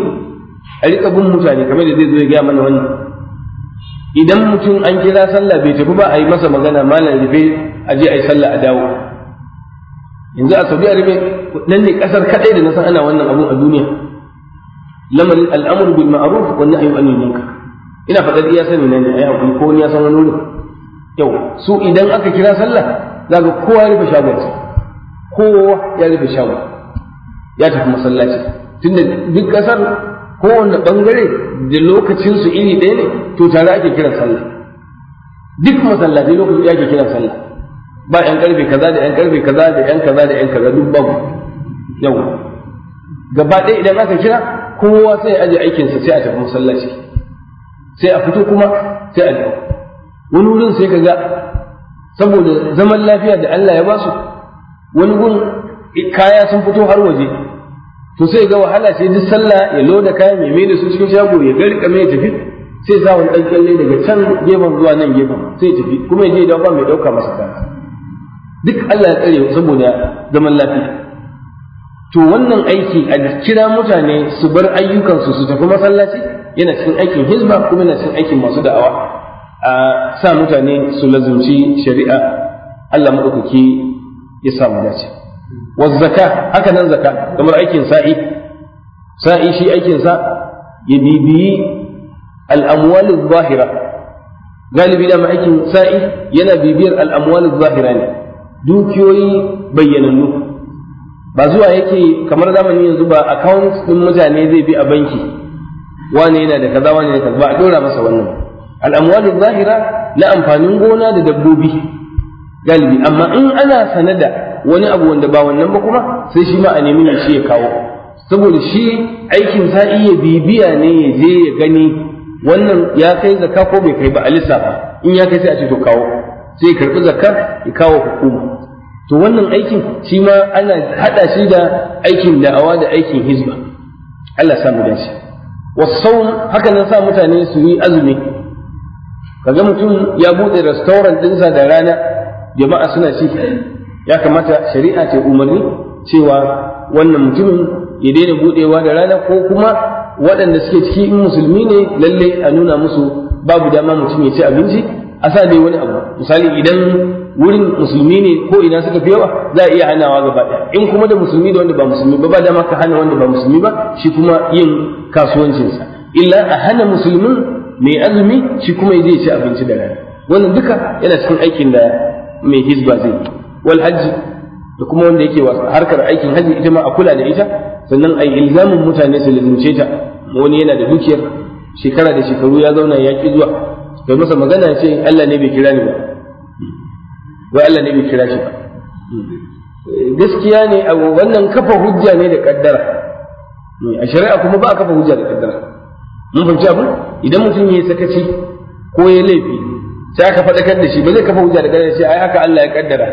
a riƙa bin mutane kamar da zai zo ya gaya mana wannan idan mutum an kira sallah bai tafi ba a yi masa magana malam rufe a je a yi sallah a dawo yanzu a saudi arabia nan ne kasar kaɗai da na san ana wannan abun a duniya lamarin al'amru bil ma'ruf wa nahyu anil munkar ina faɗar iya sani nan ne ai akwai ko wani ya san wani wurin yau su idan aka kira sallah zaka kowa ya rufe shagonsa kowa ya rufe shagon ya tafi masallaci tunda duk kasar kowanne bangare da lokacin su iri ɗaya ne to tare ake kiran sallah duk masallaci lokacin ya ke kiran sallah ba yan karfe kaza da yan karfe kaza da yan kaza da yan kaza duk babu yau gaba ɗaya idan aka kira kowa sai aje aikinsa sai a tafi masallaci sai a fito kuma sai a dawo wani wurin sai kaga saboda zaman lafiya da Allah ya basu wani gun kaya sun fito har waje to sai ga wahala sai duk sallah ya loda kaya mai mene su cikin shago ya garka mai tafi sai sa wani dan kalle daga can gefen zuwa nan gefen sai tafi kuma ya je da ba mai dauka masa kaya duk Allah ya tsare saboda zaman lafiya to wannan aiki a kira mutane su bar ayyukansu su tafi masallaci yana cikin aikin hizba kuma yana cikin aikin masu da'awa a sa mutane su lazumci shari'a Allah madaukaki ya sa mu dace wazzaka haka nan zaka kamar aikin sa'i sa'i shi aikin sa ya bibiyi al-amwal zahira galibi da aikin sa'i yana bibiyar al-amwal zahira ne dukiyoyi bayyanannu ba zuwa yake kamar zamani yanzu ba account din mutane zai bi a banki wane yana da kaza wane da kaza a dora masa wannan al'amwalin zahira na amfanin gona da dabbobi galibi amma in ana sanada wani abu wanda ba wannan ba kuma sai shi ma a nemi ne shi ya kawo saboda shi aikin sa iya bibiya ne ya je ya gani wannan ya kai zakka ko bai kai ba a lissafa in ya kai sai a ce to kawo sai ya karbi zakka ya kawo hukuma to wannan aikin shi ma ana hada shi da aikin da'awa da aikin hizba Allah ya samu dace wasau haka nan sa mutane su yi azumi kaga mutum ya bude restaurant dinsa da rana jama'a suna ci ya kamata shari'a ta umarni cewa wannan mutumin ya daina budewa da rana ko kuma waɗanda suke ciki in musulmi ne lalle a nuna musu babu dama mutum ya ci abinci a sa ne wani abu misali idan wurin musulmi ne ko ina suka fi yawa za a iya hanawa gaba ɗaya in kuma da musulmi da wanda ba musulmi ba ba dama ka hana wanda ba musulmi ba shi kuma yin kasuwancinsa illa a hana musulmin mai azumi shi kuma ya je ci abinci da rana wannan duka yana cikin aikin da mai hizba zai yi wal hajji da kuma wanda yake harkar aikin haji ita ma a kula da ita sannan a ilzamin mutane su lazimce ta wani yana da dukiyar shekara da shekaru ya zauna ya ki zuwa kai masa magana ce Allah ne bai kira ni ba wai Allah ne bai kira shi ba gaskiya ne a wannan kafa hujja ne da kaddara a shari'a kuma ba a kafa hujja da kaddara mun fahimci abin idan mutum ya yi sakaci ko ya laifi sai aka faɗakar da shi ba zai kafa hujja da kaddara sai ai haka Allah ya kaddara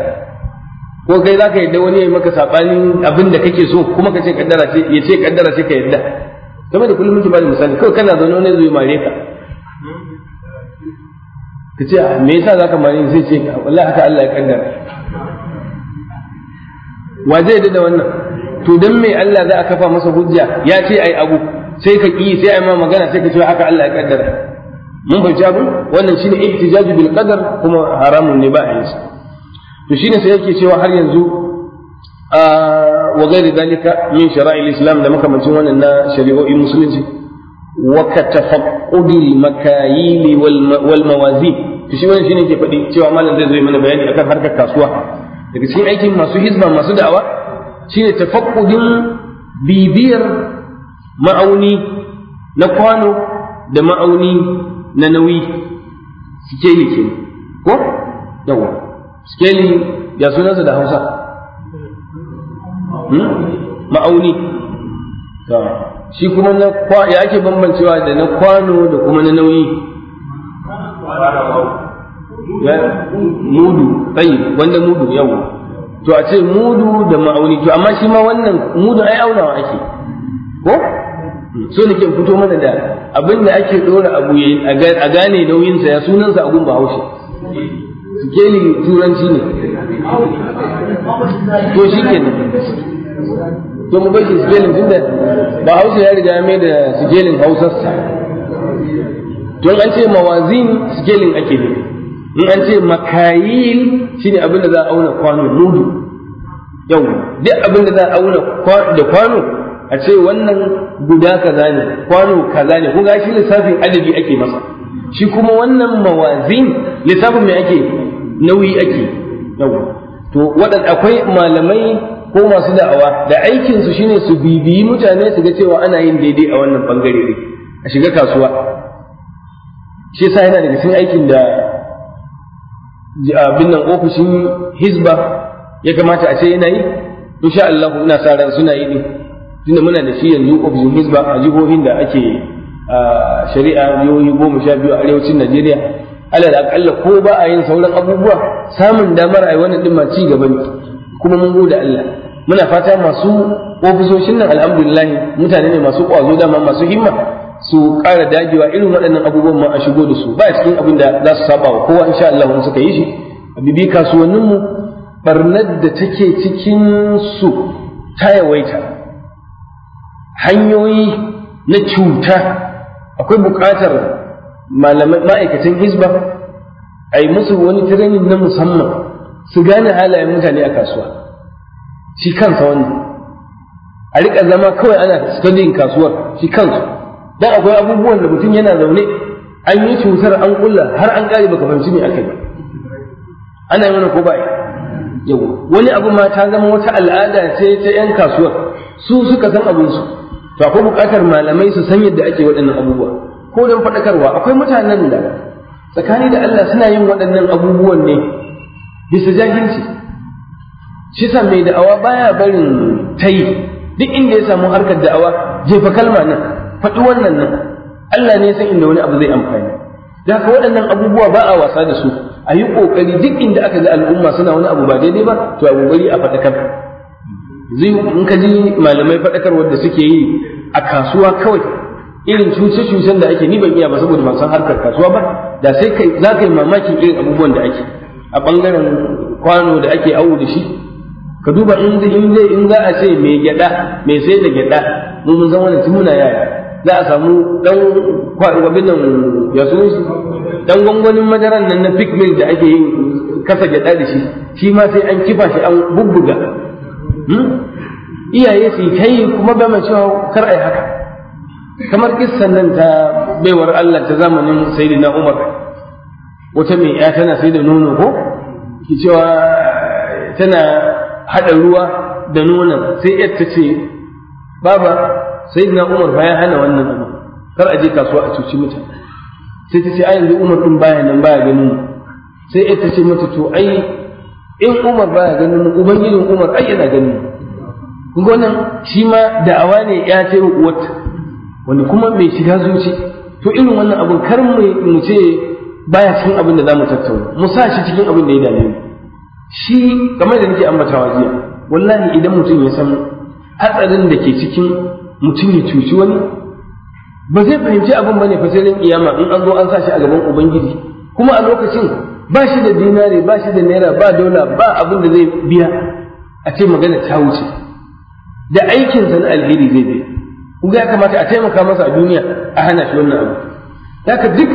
ko kai za ka yadda wani ya yi maka saɓanin abin da kake so kuma ka ce kaddara ce ya ce kaddara ce ka yadda kamar da kullum muke ba da misali kawai kana zaune wani zai mare ka ka ce ah, me yasa za ka mani zai ce wallahi haka Allah ya kaddara wa zai da wannan to dan me Allah za a kafa masa hujja ya ce ai abu sai ka ki sai ai ma magana sai ka ce haka Allah ya kaddara mun fahimci abu wannan shine ihtijaju bil qadar kuma haramun ne ba a yi to shine sai yake cewa har yanzu ah, wa gairi dalika min shara'il islam da makamancin wannan na shari'o'in musulunci Waka وكتفقد المكاييل والموازين to shi wani shine ke faɗi cewa malam zai zo mana bayani akan harkar kasuwa daga cikin aikin masu hizba masu da'awa shine tafakkudin bibiyar ma'auni na kwano da ma'auni na nauyi sikeli ke ko yawa sikeli ya sunansa da hausa hmm? ma'auni shi kuma na ya ake bambancewa da na kwano da kuma na nauyi mudu tsayi wanda mudu yau. to a ce mudu da ma'auni to amma shi ma wannan mudu ai aunawa ake ko so ke fito mana da abin da ake dora abu a gane nauyinsa ya sunansa a gumba haushe sikelin turanci ne to shi ke to mu bashi sijilin tunda ba hausa ya riga mai da sijilin hausarsa don an ce mawazin sijilin ake ne in an ce makayil shine abin da za a auna kwano mudu yau duk abin da za a auna da kwano a ce wannan guda kaza ne kwano kaza ne kuma shi lissafin adabi ake masa shi kuma wannan mawazin lissafin mai ake nauyi ake yau to waɗanda akwai malamai ko masu da'awa da aikin su shine su bibiyi mutane su ga cewa ana yin daidai a wannan bangare ne a shiga kasuwa shi yasa yana daga cikin aikin da abin nan ofishin hizba ya kamata a ce yana yi insha Allah ina sa ran suna yi ne tunda muna da shi yanzu ofishin hizba a jihohin da ake shari'a jihohi goma sha biyu a arewacin Najeriya Allah da akalla ko ba a yin sauran abubuwa samun damar a yi wannan din ma ci gaba ne kuma mun gode Allah muna fata masu ofisoshin nan alhamdulillah mutane ne masu kwazo dama masu himma su ƙara dagewa irin waɗannan abubuwan ma a shigo da su ba cikin abin da za su saba wa kowa insha Allah wani suka yi shi a bibi kasuwannin mu barnar da take cikin su ta yawaita hanyoyi na cuta akwai buƙatar ma'aikatan hisba. a yi musu wani tirenin na musamman su gane halayen mutane a kasuwa shi kansa wannan a riƙa zama kawai ana studying kasuwar shi kansu dan akwai abubuwan da mutum yana zaune an yi cutar an kulla har an ƙari baka fahimci me akai ana yi mana ko ba yau. wani abu ma ta zama wata al'ada ce ta yan kasuwar su suka san abin su to akwai buƙatar malamai su san yadda ake waɗannan abubuwa ko don faɗakarwa akwai mutanen da tsakani da Allah suna yin waɗannan abubuwan ne bisa jahilci shi sa mai da'awa baya barin tayi duk inda ya samu harkar da'awa jefa kalma nan faɗi wannan nan Allah ne san inda wani abu zai amfani da haka waɗannan abubuwa ba a wasa da su a yi ƙoƙari duk inda aka ga al'umma suna wani abu ba daidai ba to a ƙoƙari a faɗakar zai in ka ji malamai faɗakar wanda suke yi a kasuwa kawai irin cuce-cucen da ake ni ban iya ba saboda ban harkar kasuwa ba da sai kai za ka yi mamakin irin abubuwan da ake a ɓangaren kwano da ake awo da shi ka duba in zai in za a ce mai gyada mai sai da gyada mu mun san wannan tuna yaya za a samu dan abin nan ya so shi dan gwangwanin madaran nan na pigment da ake yin kasa gyada da shi shi ma sai an kifa shi an bubbuga hmm? iyaye su kai kuma ba mai cewa kar ai haka kamar kissan nan ta baiwar Allah ta zamanin sayyidina Umar wata mai ya tana sai da nono ko ki cewa tana haɗa ruwa da nuna sai yar ta ce baba sai na umar baya hana wannan abu kar a je kasuwa a cuci mutum sai ta ce ai yanzu umar din baya nan baya ganin sai yar ta ce mata to ai in umar baya ganin ubangijin umar ai yana ganin kun ga wannan shi ma da'awa ne ya ce uwarta wanda kuma mai shiga zuci to irin wannan abin kar mu ce baya cikin abin da za mu tattauna mu sa shi cikin abin da ya dame mu shi game da nake ambatawa jiya wallahi idan mutum ya san hatsarin da ke cikin mutum ya cuci wani ba zai fahimci abin ba ne fasirin iyama in an zo an sa shi a gaban ubangiji kuma a lokacin ba shi da dinari ba shi da naira ba dola ba abin da zai biya a ce magana ta wuce da aikinsa na alheri zai biya ku ya kamata a taimaka masa a duniya a hana shi wannan abu haka duk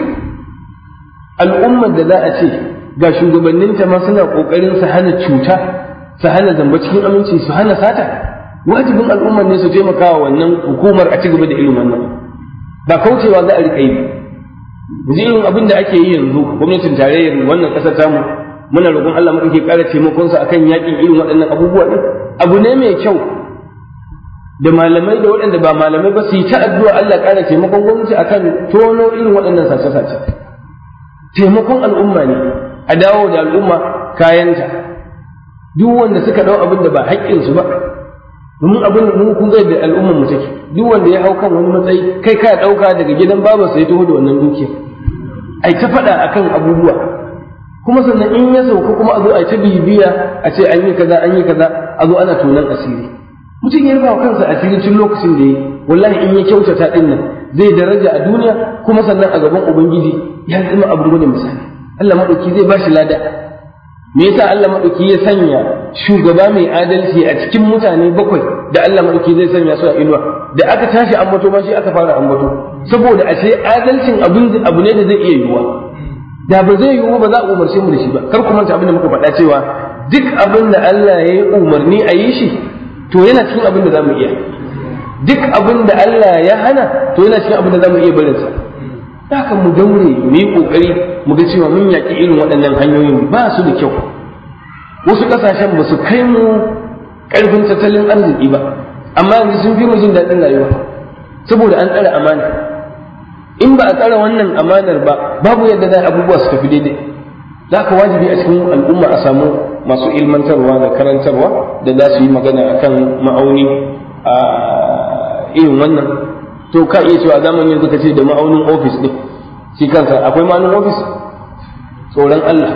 al'ummar da za a ce ga shugabanninta ma suna ƙoƙarin su hana cuta su hana zamba cikin aminci su hana sata wajibin al'ummar ne su taimaka wa wannan hukumar a ci gaba da ilimin nan. ba kaucewa za a riƙa yi yanzu irin abin da ake yi yanzu gwamnatin tarayyar wannan ƙasar tamu muna roƙon Allah muke ƙara sa akan yakin irin waɗannan abubuwa ɗin abu ne mai kyau da malamai da waɗanda ba malamai ba su yi ta addu'a Allah ƙara taimakon gwamnati akan tono irin waɗannan sace-sace taimakon al'umma ne a dawo da al'umma kayanta duk wanda suka dau abin da ba haƙƙinsu ba domin abin mun kun zai da al'ummar mu take duk wanda ya hau kan wani matsayi kai ka dauka daga gidan baba sai taho da wannan dukiya ai ta fada akan abubuwa kuma sannan in ya sauka kuma a zo a ta bibiya a ce an yi kaza an yi kaza a zo ana tunan asiri mutum ya rufa kansa asiri cikin lokacin da ya wallahi in ya kyautata din nan zai daraja a duniya kuma sannan a gaban ubangiji ya zama abu ne misali Allah maɗauki zai ba shi lada me yasa Allah maɗauki ya sanya shugaba mai adalci a cikin mutane bakwai da Allah maɗauki zai sanya su a inuwa da aka tashi ambato ba shi aka fara ambato saboda ashe adalcin abin abu ne da zai iya yiwuwa da ba zai yiwu ba za a umarce mu da shi ba kar ku manta abin da muka faɗa cewa duk abin da Allah ya yi umarni a yi shi to yana cikin abin da za mu iya duk abin da Allah ya hana to yana cikin abin da za mu iya barinsa haka mu daure mu yi kokari mu ga cewa mun yaki irin waɗannan hanyoyin ba su da kyau wasu ƙasashen ba su kai mu ƙarfin tattalin arziki ba amma yanzu sun fi mu jin daɗin rayuwa saboda an tsara amana in ba a tsara wannan amanar ba babu yadda za abubuwa su tafi daidai za ka wajibi a cikin al'umma a samu masu ilmantarwa da karantarwa da za su yi magana akan ma'auni a irin wannan to ka iya cewa zamani yanzu ka ce da ma'aunin ofis ɗin shi kansa akwai ma'aunin ofis tsoron Allah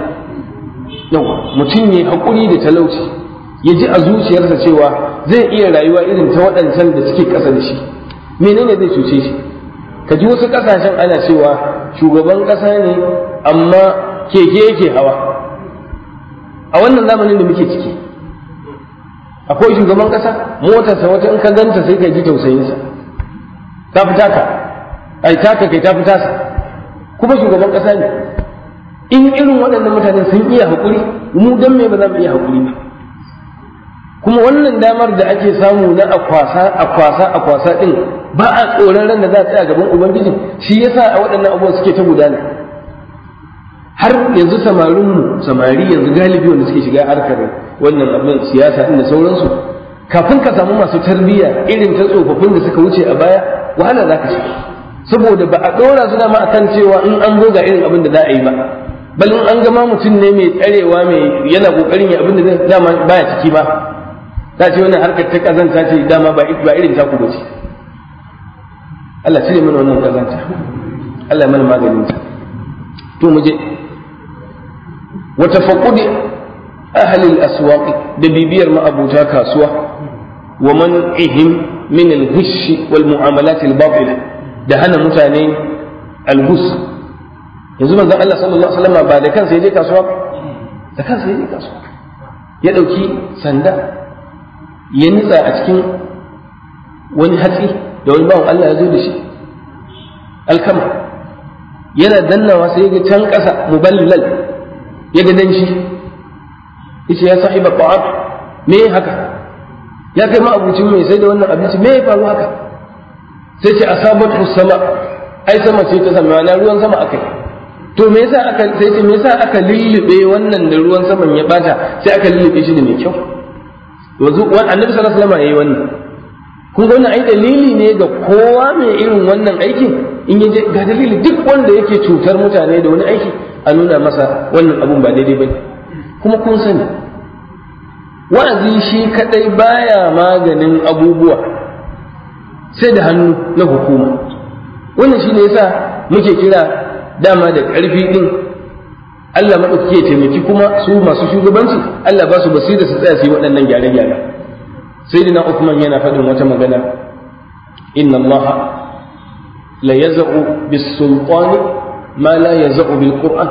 yau mutum ne haƙuri da talauci ya ji a zuciyarsa cewa zai iya rayuwa irin ta waɗancan da suke ƙasa da shi menene zai cuce shi ka ji wasu ƙasashen ana cewa shugaban ƙasa ne amma keke yake hawa a wannan zamanin da muke ciki akwai shugaban ƙasa motarsa wata in ka ganta sai ka ji tausayinsa ta fi taka ai taka kai ta fi tasa kuma shugaban ƙasa ne in irin waɗannan mutanen sun iya haƙuri mu dan me ba za mu iya haƙuri ba kuma wannan damar da ake samu na akwasa akwasa akwasa din ba a tsoron ran da za a tsaya gaban ubangiji shi yasa a waɗannan abubuwan suke ta gudana har yanzu samarin samari yanzu galibi wanda suke shiga harkar wannan abin siyasa din da sauransu kafin ka samu masu tarbiyya irin ta tsofaffin da suka wuce a baya wahala za ka ce saboda ba a ɗora su dama akan cewa in an goga irin abin da za a yi ba bal in an gama mutum ne mai tsarewa mai yana kokarin ya abin da dama baya ciki ba za ce wannan harkar ta kazanta ce dama ba irin ta ku bace Allah cire mana wannan kazanta Allah mana maganin ta to mu je wa tafaqqudi ahli al-aswaq da bibiyar ma'abuta kasuwa wa man'ihim min al-ghish wal mu'amalat al-batila da hana mutane al-ghus yanzu manzon Allah sallallahu alaihi wasallam ba da kansa yaje kasuwa da kansa yaje kasuwa ya dauki sanda ya nitsa a cikin wani hatsi da wani bawan Allah ya zo da shi alkama yana dannawa sai can ƙasa muballal ya ga danshi yace ya sahiba qa'ab me haka ya kai ma abinci mai sai da wannan abinci me ya faru haka sai ce asabat sama ai sama ce ta sama na ruwan sama akai to me yasa aka sai ce me yasa aka lullube wannan da ruwan saman ya bata sai aka lullube shi da mai kyau yanzu wannan annabi sallallahu alaihi wasallam yayi wannan kun ga wannan ai dalili ne ga kowa mai irin wannan aikin in yaje ga dalili duk wanda yake cutar mutane da wani aiki a nuna masa wannan abun ba daidai bane kuma kun sani wa'azi shi kadai baya maganin abubuwa sai da hannu na hukuma wannan shi ne yasa muke kira dama da ƙarfi din Allah maɗauki ya taimaki kuma su masu shugabanci Allah ba su basira su tsaya su yi waɗannan gyare-gyare sayyidina Uthman yana faɗin wata magana inna Allah la yaz'u bis sultan ma la yaz'u bil-Qur'an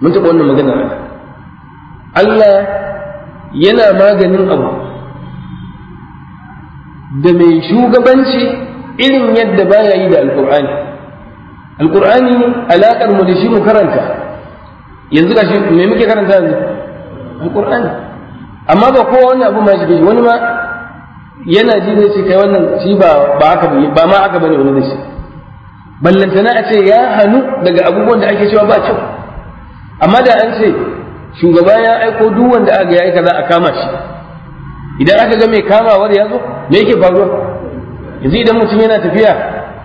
mun taɓa wannan magana Allah yana maganin abu da mai shugabanci irin yadda baya yi da alkur'ani alkur'ani alaƙar mu da shi mu karanta yanzu ga shi me muke karanta yanzu alkur'ani amma ba kowa wani abu ma shi wani ma yana ji ne shi kai wannan shi ba ba ba ma aka bane wani da shi ballantana a ce ya hannu daga abubuwan da ake cewa ba kyau amma da an ce shugaba ya aiko duk wanda aka ya kaza a kama shi idan aka ga mai kamawar ya zo me yake faruwa yanzu idan mutum yana tafiya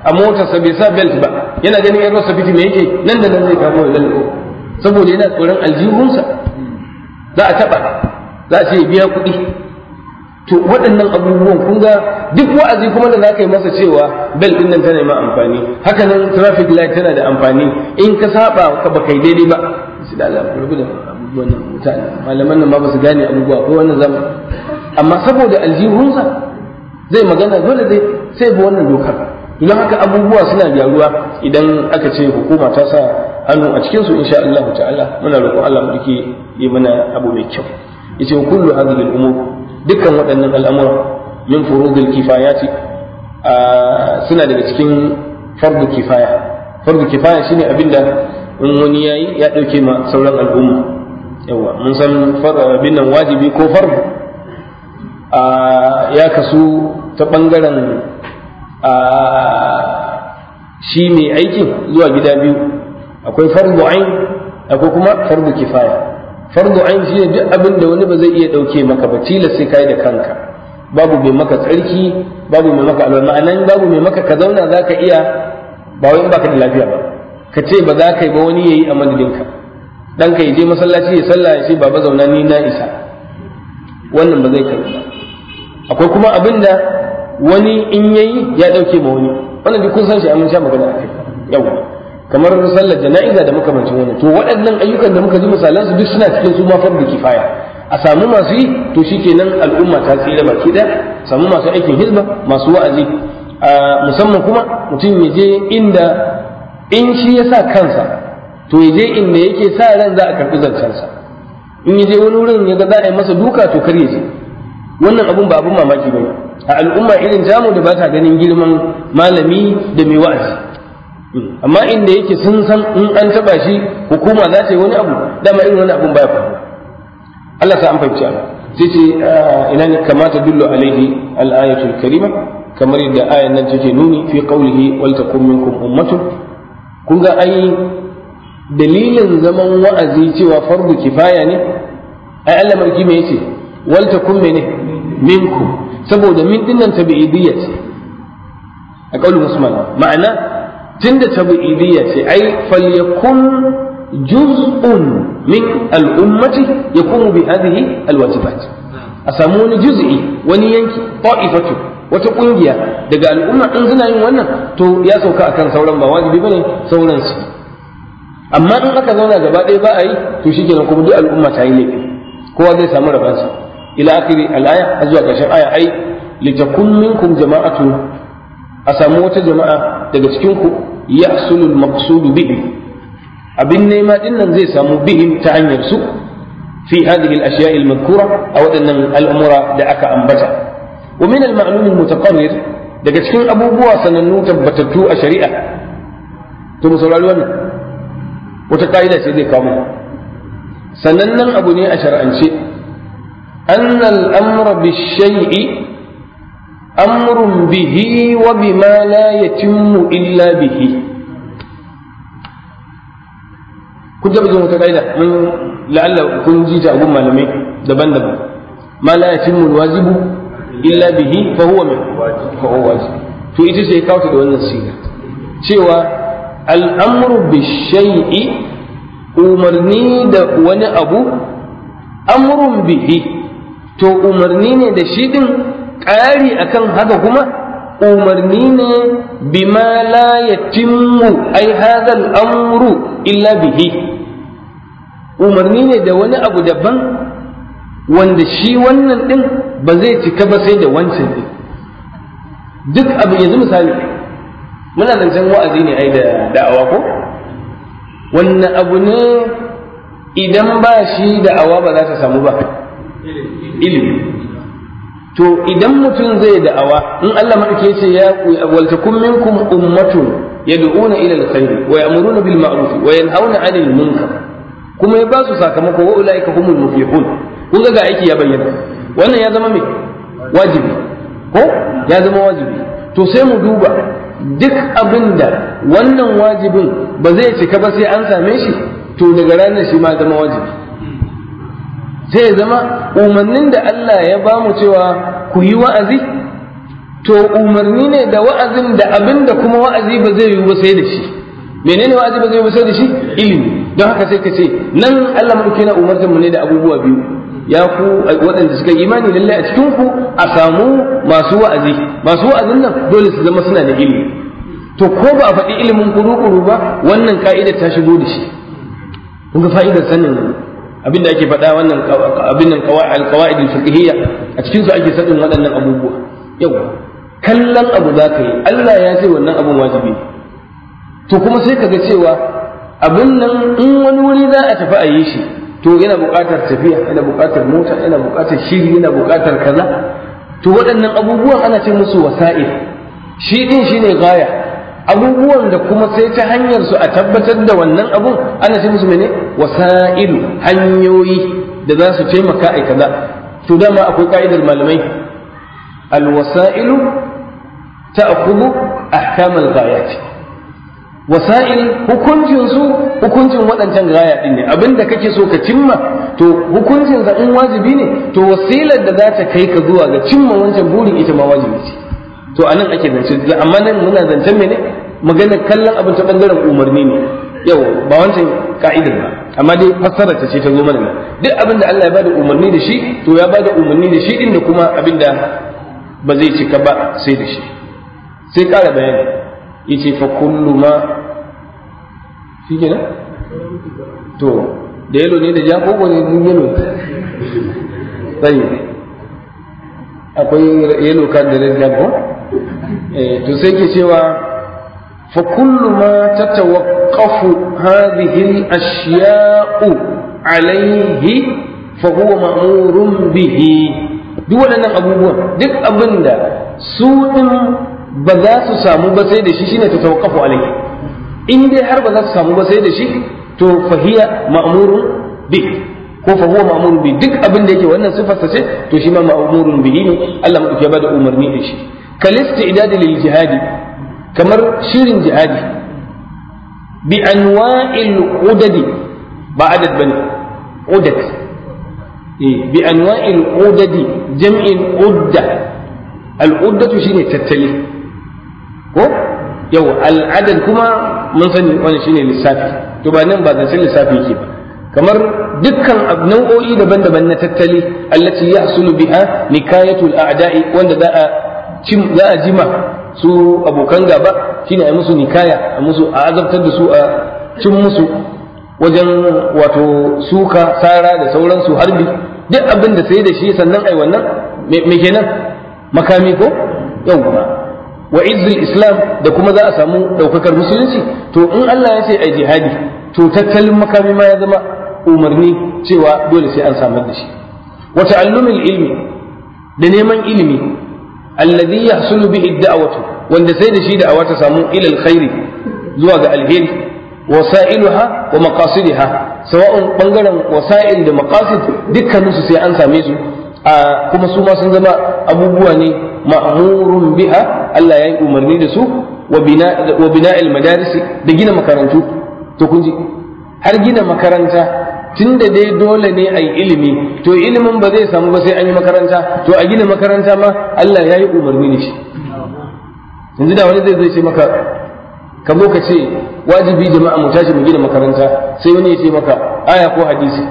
a motarsa bai sa belt ba yana ganin yan sa fiti me yake nan da nan zai kamo ya lalko saboda yana tsoron aljihunsa za a taɓa za a ce biya kuɗi to waɗannan abubuwan kun ga duk wa'azi kuma da za ka masa cewa bel ɗin nan tana ma amfani haka nan traffic light tana da amfani in ka saba ka ba kai daidai ba su Allah rubuta wannan mutane malaman nan ma ba su gane abubuwa ko wannan zamani. amma saboda aljihunsa zai magana dole zai sai bi wannan dokar Idan haka abubuwa suna gyaruwa idan aka ce hukuma ta sa hannu a cikin su insha Allah ta'ala muna roƙon Allah mu dake yi mana abu mai kyau yace kullu hadhihi al-umur dukkan waɗannan al'amuran min furudil kifayati suna daga cikin fardu kifaya fardu kifaya shine abinda in wani yayi ya dauke ma sauran al'umma yawa mun san abin nan wajibi ko farko ya kasu ta ɓangaren shi mai aikin zuwa gida biyu akwai farbu ain akwai kuma farbu kifaya farbu ain shi duk abin da wani ba zai iya ɗauke maka ba tilas sai kai da kanka babu mai maka tsarki babu mai maka A ma'anan babu mai maka ka zauna za ka iya ba wai baka da lafiya ba ka ce ba za ka yi ba wani ya yi a madadinka ka ya je masallaci ya sallah ya ce baba zauna ni na isa wannan ba zai karɓi ba akwai kuma abinda wani in yayi ya ɗauke ma wani wannan duk kun san shi an sha magana a kai yawa kamar sallar jana'iza da muka makamancin wannan to waɗannan ayyukan da muka ji misalan su duk suna cikin su ma fardu kifaya a samu masu yi to shikenan al'umma ta tsira baki daya samu masu aikin hizba masu wa'azi musamman kuma mutum ya je inda in shi ya sa kansa to ya je inda yake sa ran za a karɓi sa in ya je wani wurin ya ga za a yi masa duka to kar ya je wannan abun ba abun mamaki ba a al'umma irin jamu da ba ta ganin girman malami da mai wa'azi amma inda yake sun san in an taba shi hukuma za ta yi wani abu dama irin wani abun baya faruwa Allah sa an fahimci abu sai ce ah, ina ne kamata dullo alaihi al-ayatul karima kamar yadda ayan nan take nuni fi qawlihi wal takum minkum ummatun kun ga ai dalilin zaman wa'azi cewa fardu kifaya ne ai Allah marki me yace wal takum mene minku saboda min dinnan tabi'idiyya ce a kaulin Usman ma'ana tunda tabi'idiyya ce ai falyakun juz'un min al'ummati yakunu bi hadhihi al-wajibat a samu wani juz'i wani yanki ta'ifatu wata kungiya daga al'umma in suna yin wannan to ya sauka akan sauran ba wajibi bane sauran su amma in aka zauna gaba ɗaya ba a yi to shi kenan kuma duk al'umma ta yi laifi kowa zai samu rabansa ila akiri al'aya a zuwa ƙarshen aya ai litakun minkum jama'atu a samu wata jama'a daga cikin ku yahsulul maqsudu bihi abin nema din nan zai samu bihim ta hanyar su fi hadhihi al-ashya' al-madhkura aw wadannan al'umura da aka ambata wa min al-ma'lum al-mutaqarrir daga cikin abubuwa sanannu tabbatattu a shari'a to mu saurari wannan wata ka'ida ce zai kawo sannan nan abu ne a shar'ance annal amra bishai'i amrun bihi wa bima la yatimmu illa bihi kun taɓa jin wata ka'ida mun la'alla kun ji ta gun malamai daban-daban ma la yatimmu wajibu illa bihi fa huwa min fa huwa wajib to ita ce kawo ta da wannan siga cewa al'amru bishai'i umarni da wani abu amrun bihi to umarni ne da shi din ƙari akan haka kuma umarni ne bima la yatimmu ai hadha al'amru illa bihi umarni ne da wani abu daban wanda shi wannan din ba zai cika ba sai da wancan din duk abu yanzu misali muna nan can wa'azi ne ai da da'awa ko wannan abu ne idan ba shi da'awa ba za ta samu ba ilimi to idan mutum zai da'awa in Allah madauke ce ya waltakum minkum ummatun yad'una ila alkhair wa ya'muruna bil ma'ruf wa yanhauna 'anil munkar kuma ya ba su sakamako wa ulaika humul muflihun kun ga aiki ya bayyana wannan ya zama me wajibi ko ya zama wajibi to sai mu duba duk abinda wannan wajibin ba zai cika ba sai an same shi to daga ranar shi ma zama wajibi zai zama umarnin da Allah ya ba mu cewa ku yi wa'azi to umarni ne da wa'azin da abin da kuma wa'azi ba zai yi ba sai da shi menene wa'azi ba zai yi ba sai da shi ilimi don haka sai ka ce nan Allah mu kina umartar mu ne da abubuwa biyu ya ku waɗanda suka imani lalle a cikin ku a samu masu wa'azi masu wa'azin nan dole su zama suna da ilimi to ko ba a faɗi ilimin kuru-kuru ba wannan ka'ida ta shigo da shi kun ga fa'idar sanin abin da ake faɗa wannan abin nan alqawaid fiqhiyya a cikin su ake sanin waɗannan abubuwa yawa kallon abu za ka yi Allah ya ce wannan abun wajibi to kuma sai ka ga cewa abin nan in wani wuri za a tafi a yi shi to yana buƙatar tafiya yana buƙatar mota yana buƙatar shiri yana buƙatar kaza to waɗannan abubuwan ana ce musu wasa'il shi din shine gaya abubuwan da kuma sai ta hanyar su a tabbatar da wannan abun ana ce musu mene wasa'ilu hanyoyi da za su taimaka a kaza to dama akwai ka'idar malamai alwasa'ilu ta'khudhu ahkam al-ghayat wasa'il hukuncin su hukuncin waɗancan gaya ɗin ne abinda kake so ka cimma to hukuncin sa in wajibi ne to wasilar da za ta kai ka zuwa ga cimma wancan burin ita ma wajibi ce to anan ake zance amma nan muna zancen ne maganar kallon abin ta bangaren umarni ne yau ba wancan ka'idar ba amma dai fassara ta ce ta zo mana duk abin da Allah ya bada umarni da shi to ya bada umarni da shi din da kuma abinda da ba zai cika ba sai da shi sai ƙara bayani yace fa kullu ma shi nan to da yalo ne da ja ko ne mun yalo sai akwai yalo kan da red ko eh, to sai ke cewa fa kullu ma tatawaqqafu hadhihi al-ashya'u alayhi fa huwa ma'murun bihi duk waɗannan abubuwan duk abinda su ɗin ba za su samu ba sai da shi shine ta tawakkafu alai in dai har ba za su samu ba sai da shi to fahiya ma'murun bi ko fa huwa ma'murun bi duk abin da yake wannan sifar ta ce to shi ma ma'murun bi ne Allah mu ya bada umarni da shi kalisti idadi lil jihadi kamar shirin jihadi bi anwa'il udadi ba adad bane udad bi anwa'il udadi jam'in udda al uddatu shine tattali ko yau al'adar kuma mun sani wani shine lissafi to ba nan ba san lissafi yake ba kamar dukkan nau'o'i daban-daban na tattali allati yahsulu biha nikayatul a'da'i wanda za a cim za a jima su abokan gaba shine a musu nikaya a musu a azabtar da su a cin musu wajen wato suka sara da sauransu harbi duk abin da sai da shi sannan ai wannan me kenan makami ko yau wa izzul islam da kuma za a samu daukakar musulunci to in Allah ya ce ai jihadi to tattalin makami ma ya zama umarni cewa dole sai an samar da shi wa ta'allumul ilmi da neman ilimi alladhi yahsulu bihi da'watu wanda sai da shi da'awa ta samu ilal khairi zuwa ga alheri wasailuha wa maqasidiha sawa'un bangaren wasa'il da maqasid dukkaninsu sai an same su kuma su ma sun zama abubuwa ne ma'murun biha Allah ya yi umarni da su wa bina'il madarisi da gina makarantu to kun ji har gina makaranta tun da dai dole ne a yi ilimi to ilimin ba zai samu ba sai an yi makaranta to a gina makaranta ma Allah ya yi umarni da shi yanzu da wani zai zai ce maka ka zo ka ce wajibi jama'a mu tashi mu gina makaranta sai wani ya ce maka aya ko hadisi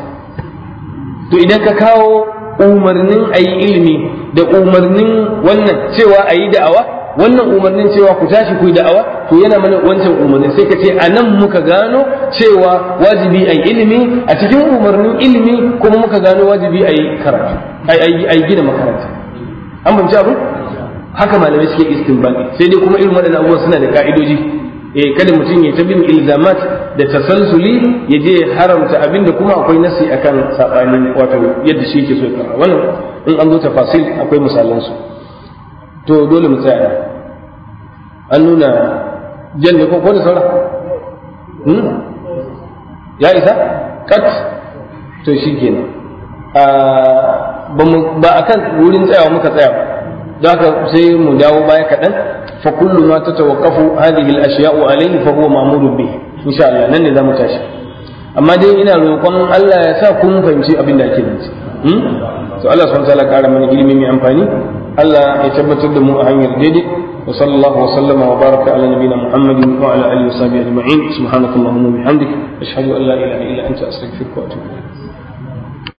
to idan ka kawo umarnin a yi ilimi da umarnin wannan cewa a yi da'awa wannan umarnin cewa ku tashi ku yi da'awa to yana mana wancan umarnin sai ka ce a nan muka gano cewa wajibi a yi ilimi a cikin umarnin ilimi kuma muka gano wajibi a yi karatu a yi gina makaranta an bamci abu haka malamai suke istinbadi sai dai kuma irin waɗannan abubuwan suna da ka'idoji eh kada mutum ya ta ilzamat da tasalsuli ya je haramta abin da kuma akwai nasi akan sabanin wato yadda shi ke so ka wannan in an zo tafasil akwai misalan su to dole mu tsaya an nuna jan da ko da saura hmm? ya isa kat to shi kenan ba akan wurin tsayawa muka tsaya ba za ka sai mu dawo baya kaɗan فكل ما تتوقف هذه الأشياء عليه فهو مأمور به إن شاء الله لن نظام تاشي amma dai ina roƙon Allah ya sa kun fahimci abin da ake nufi hmm? to Allah subhanahu wataala ƙara mana ilimi mai amfani Allah ya tabbatar da mu a hanyar daidai wa sallallahu wa sallama wa baraka ala nabiyina Muhammadin wa ala alihi wa sahbihi ajma'in subhanakallahumma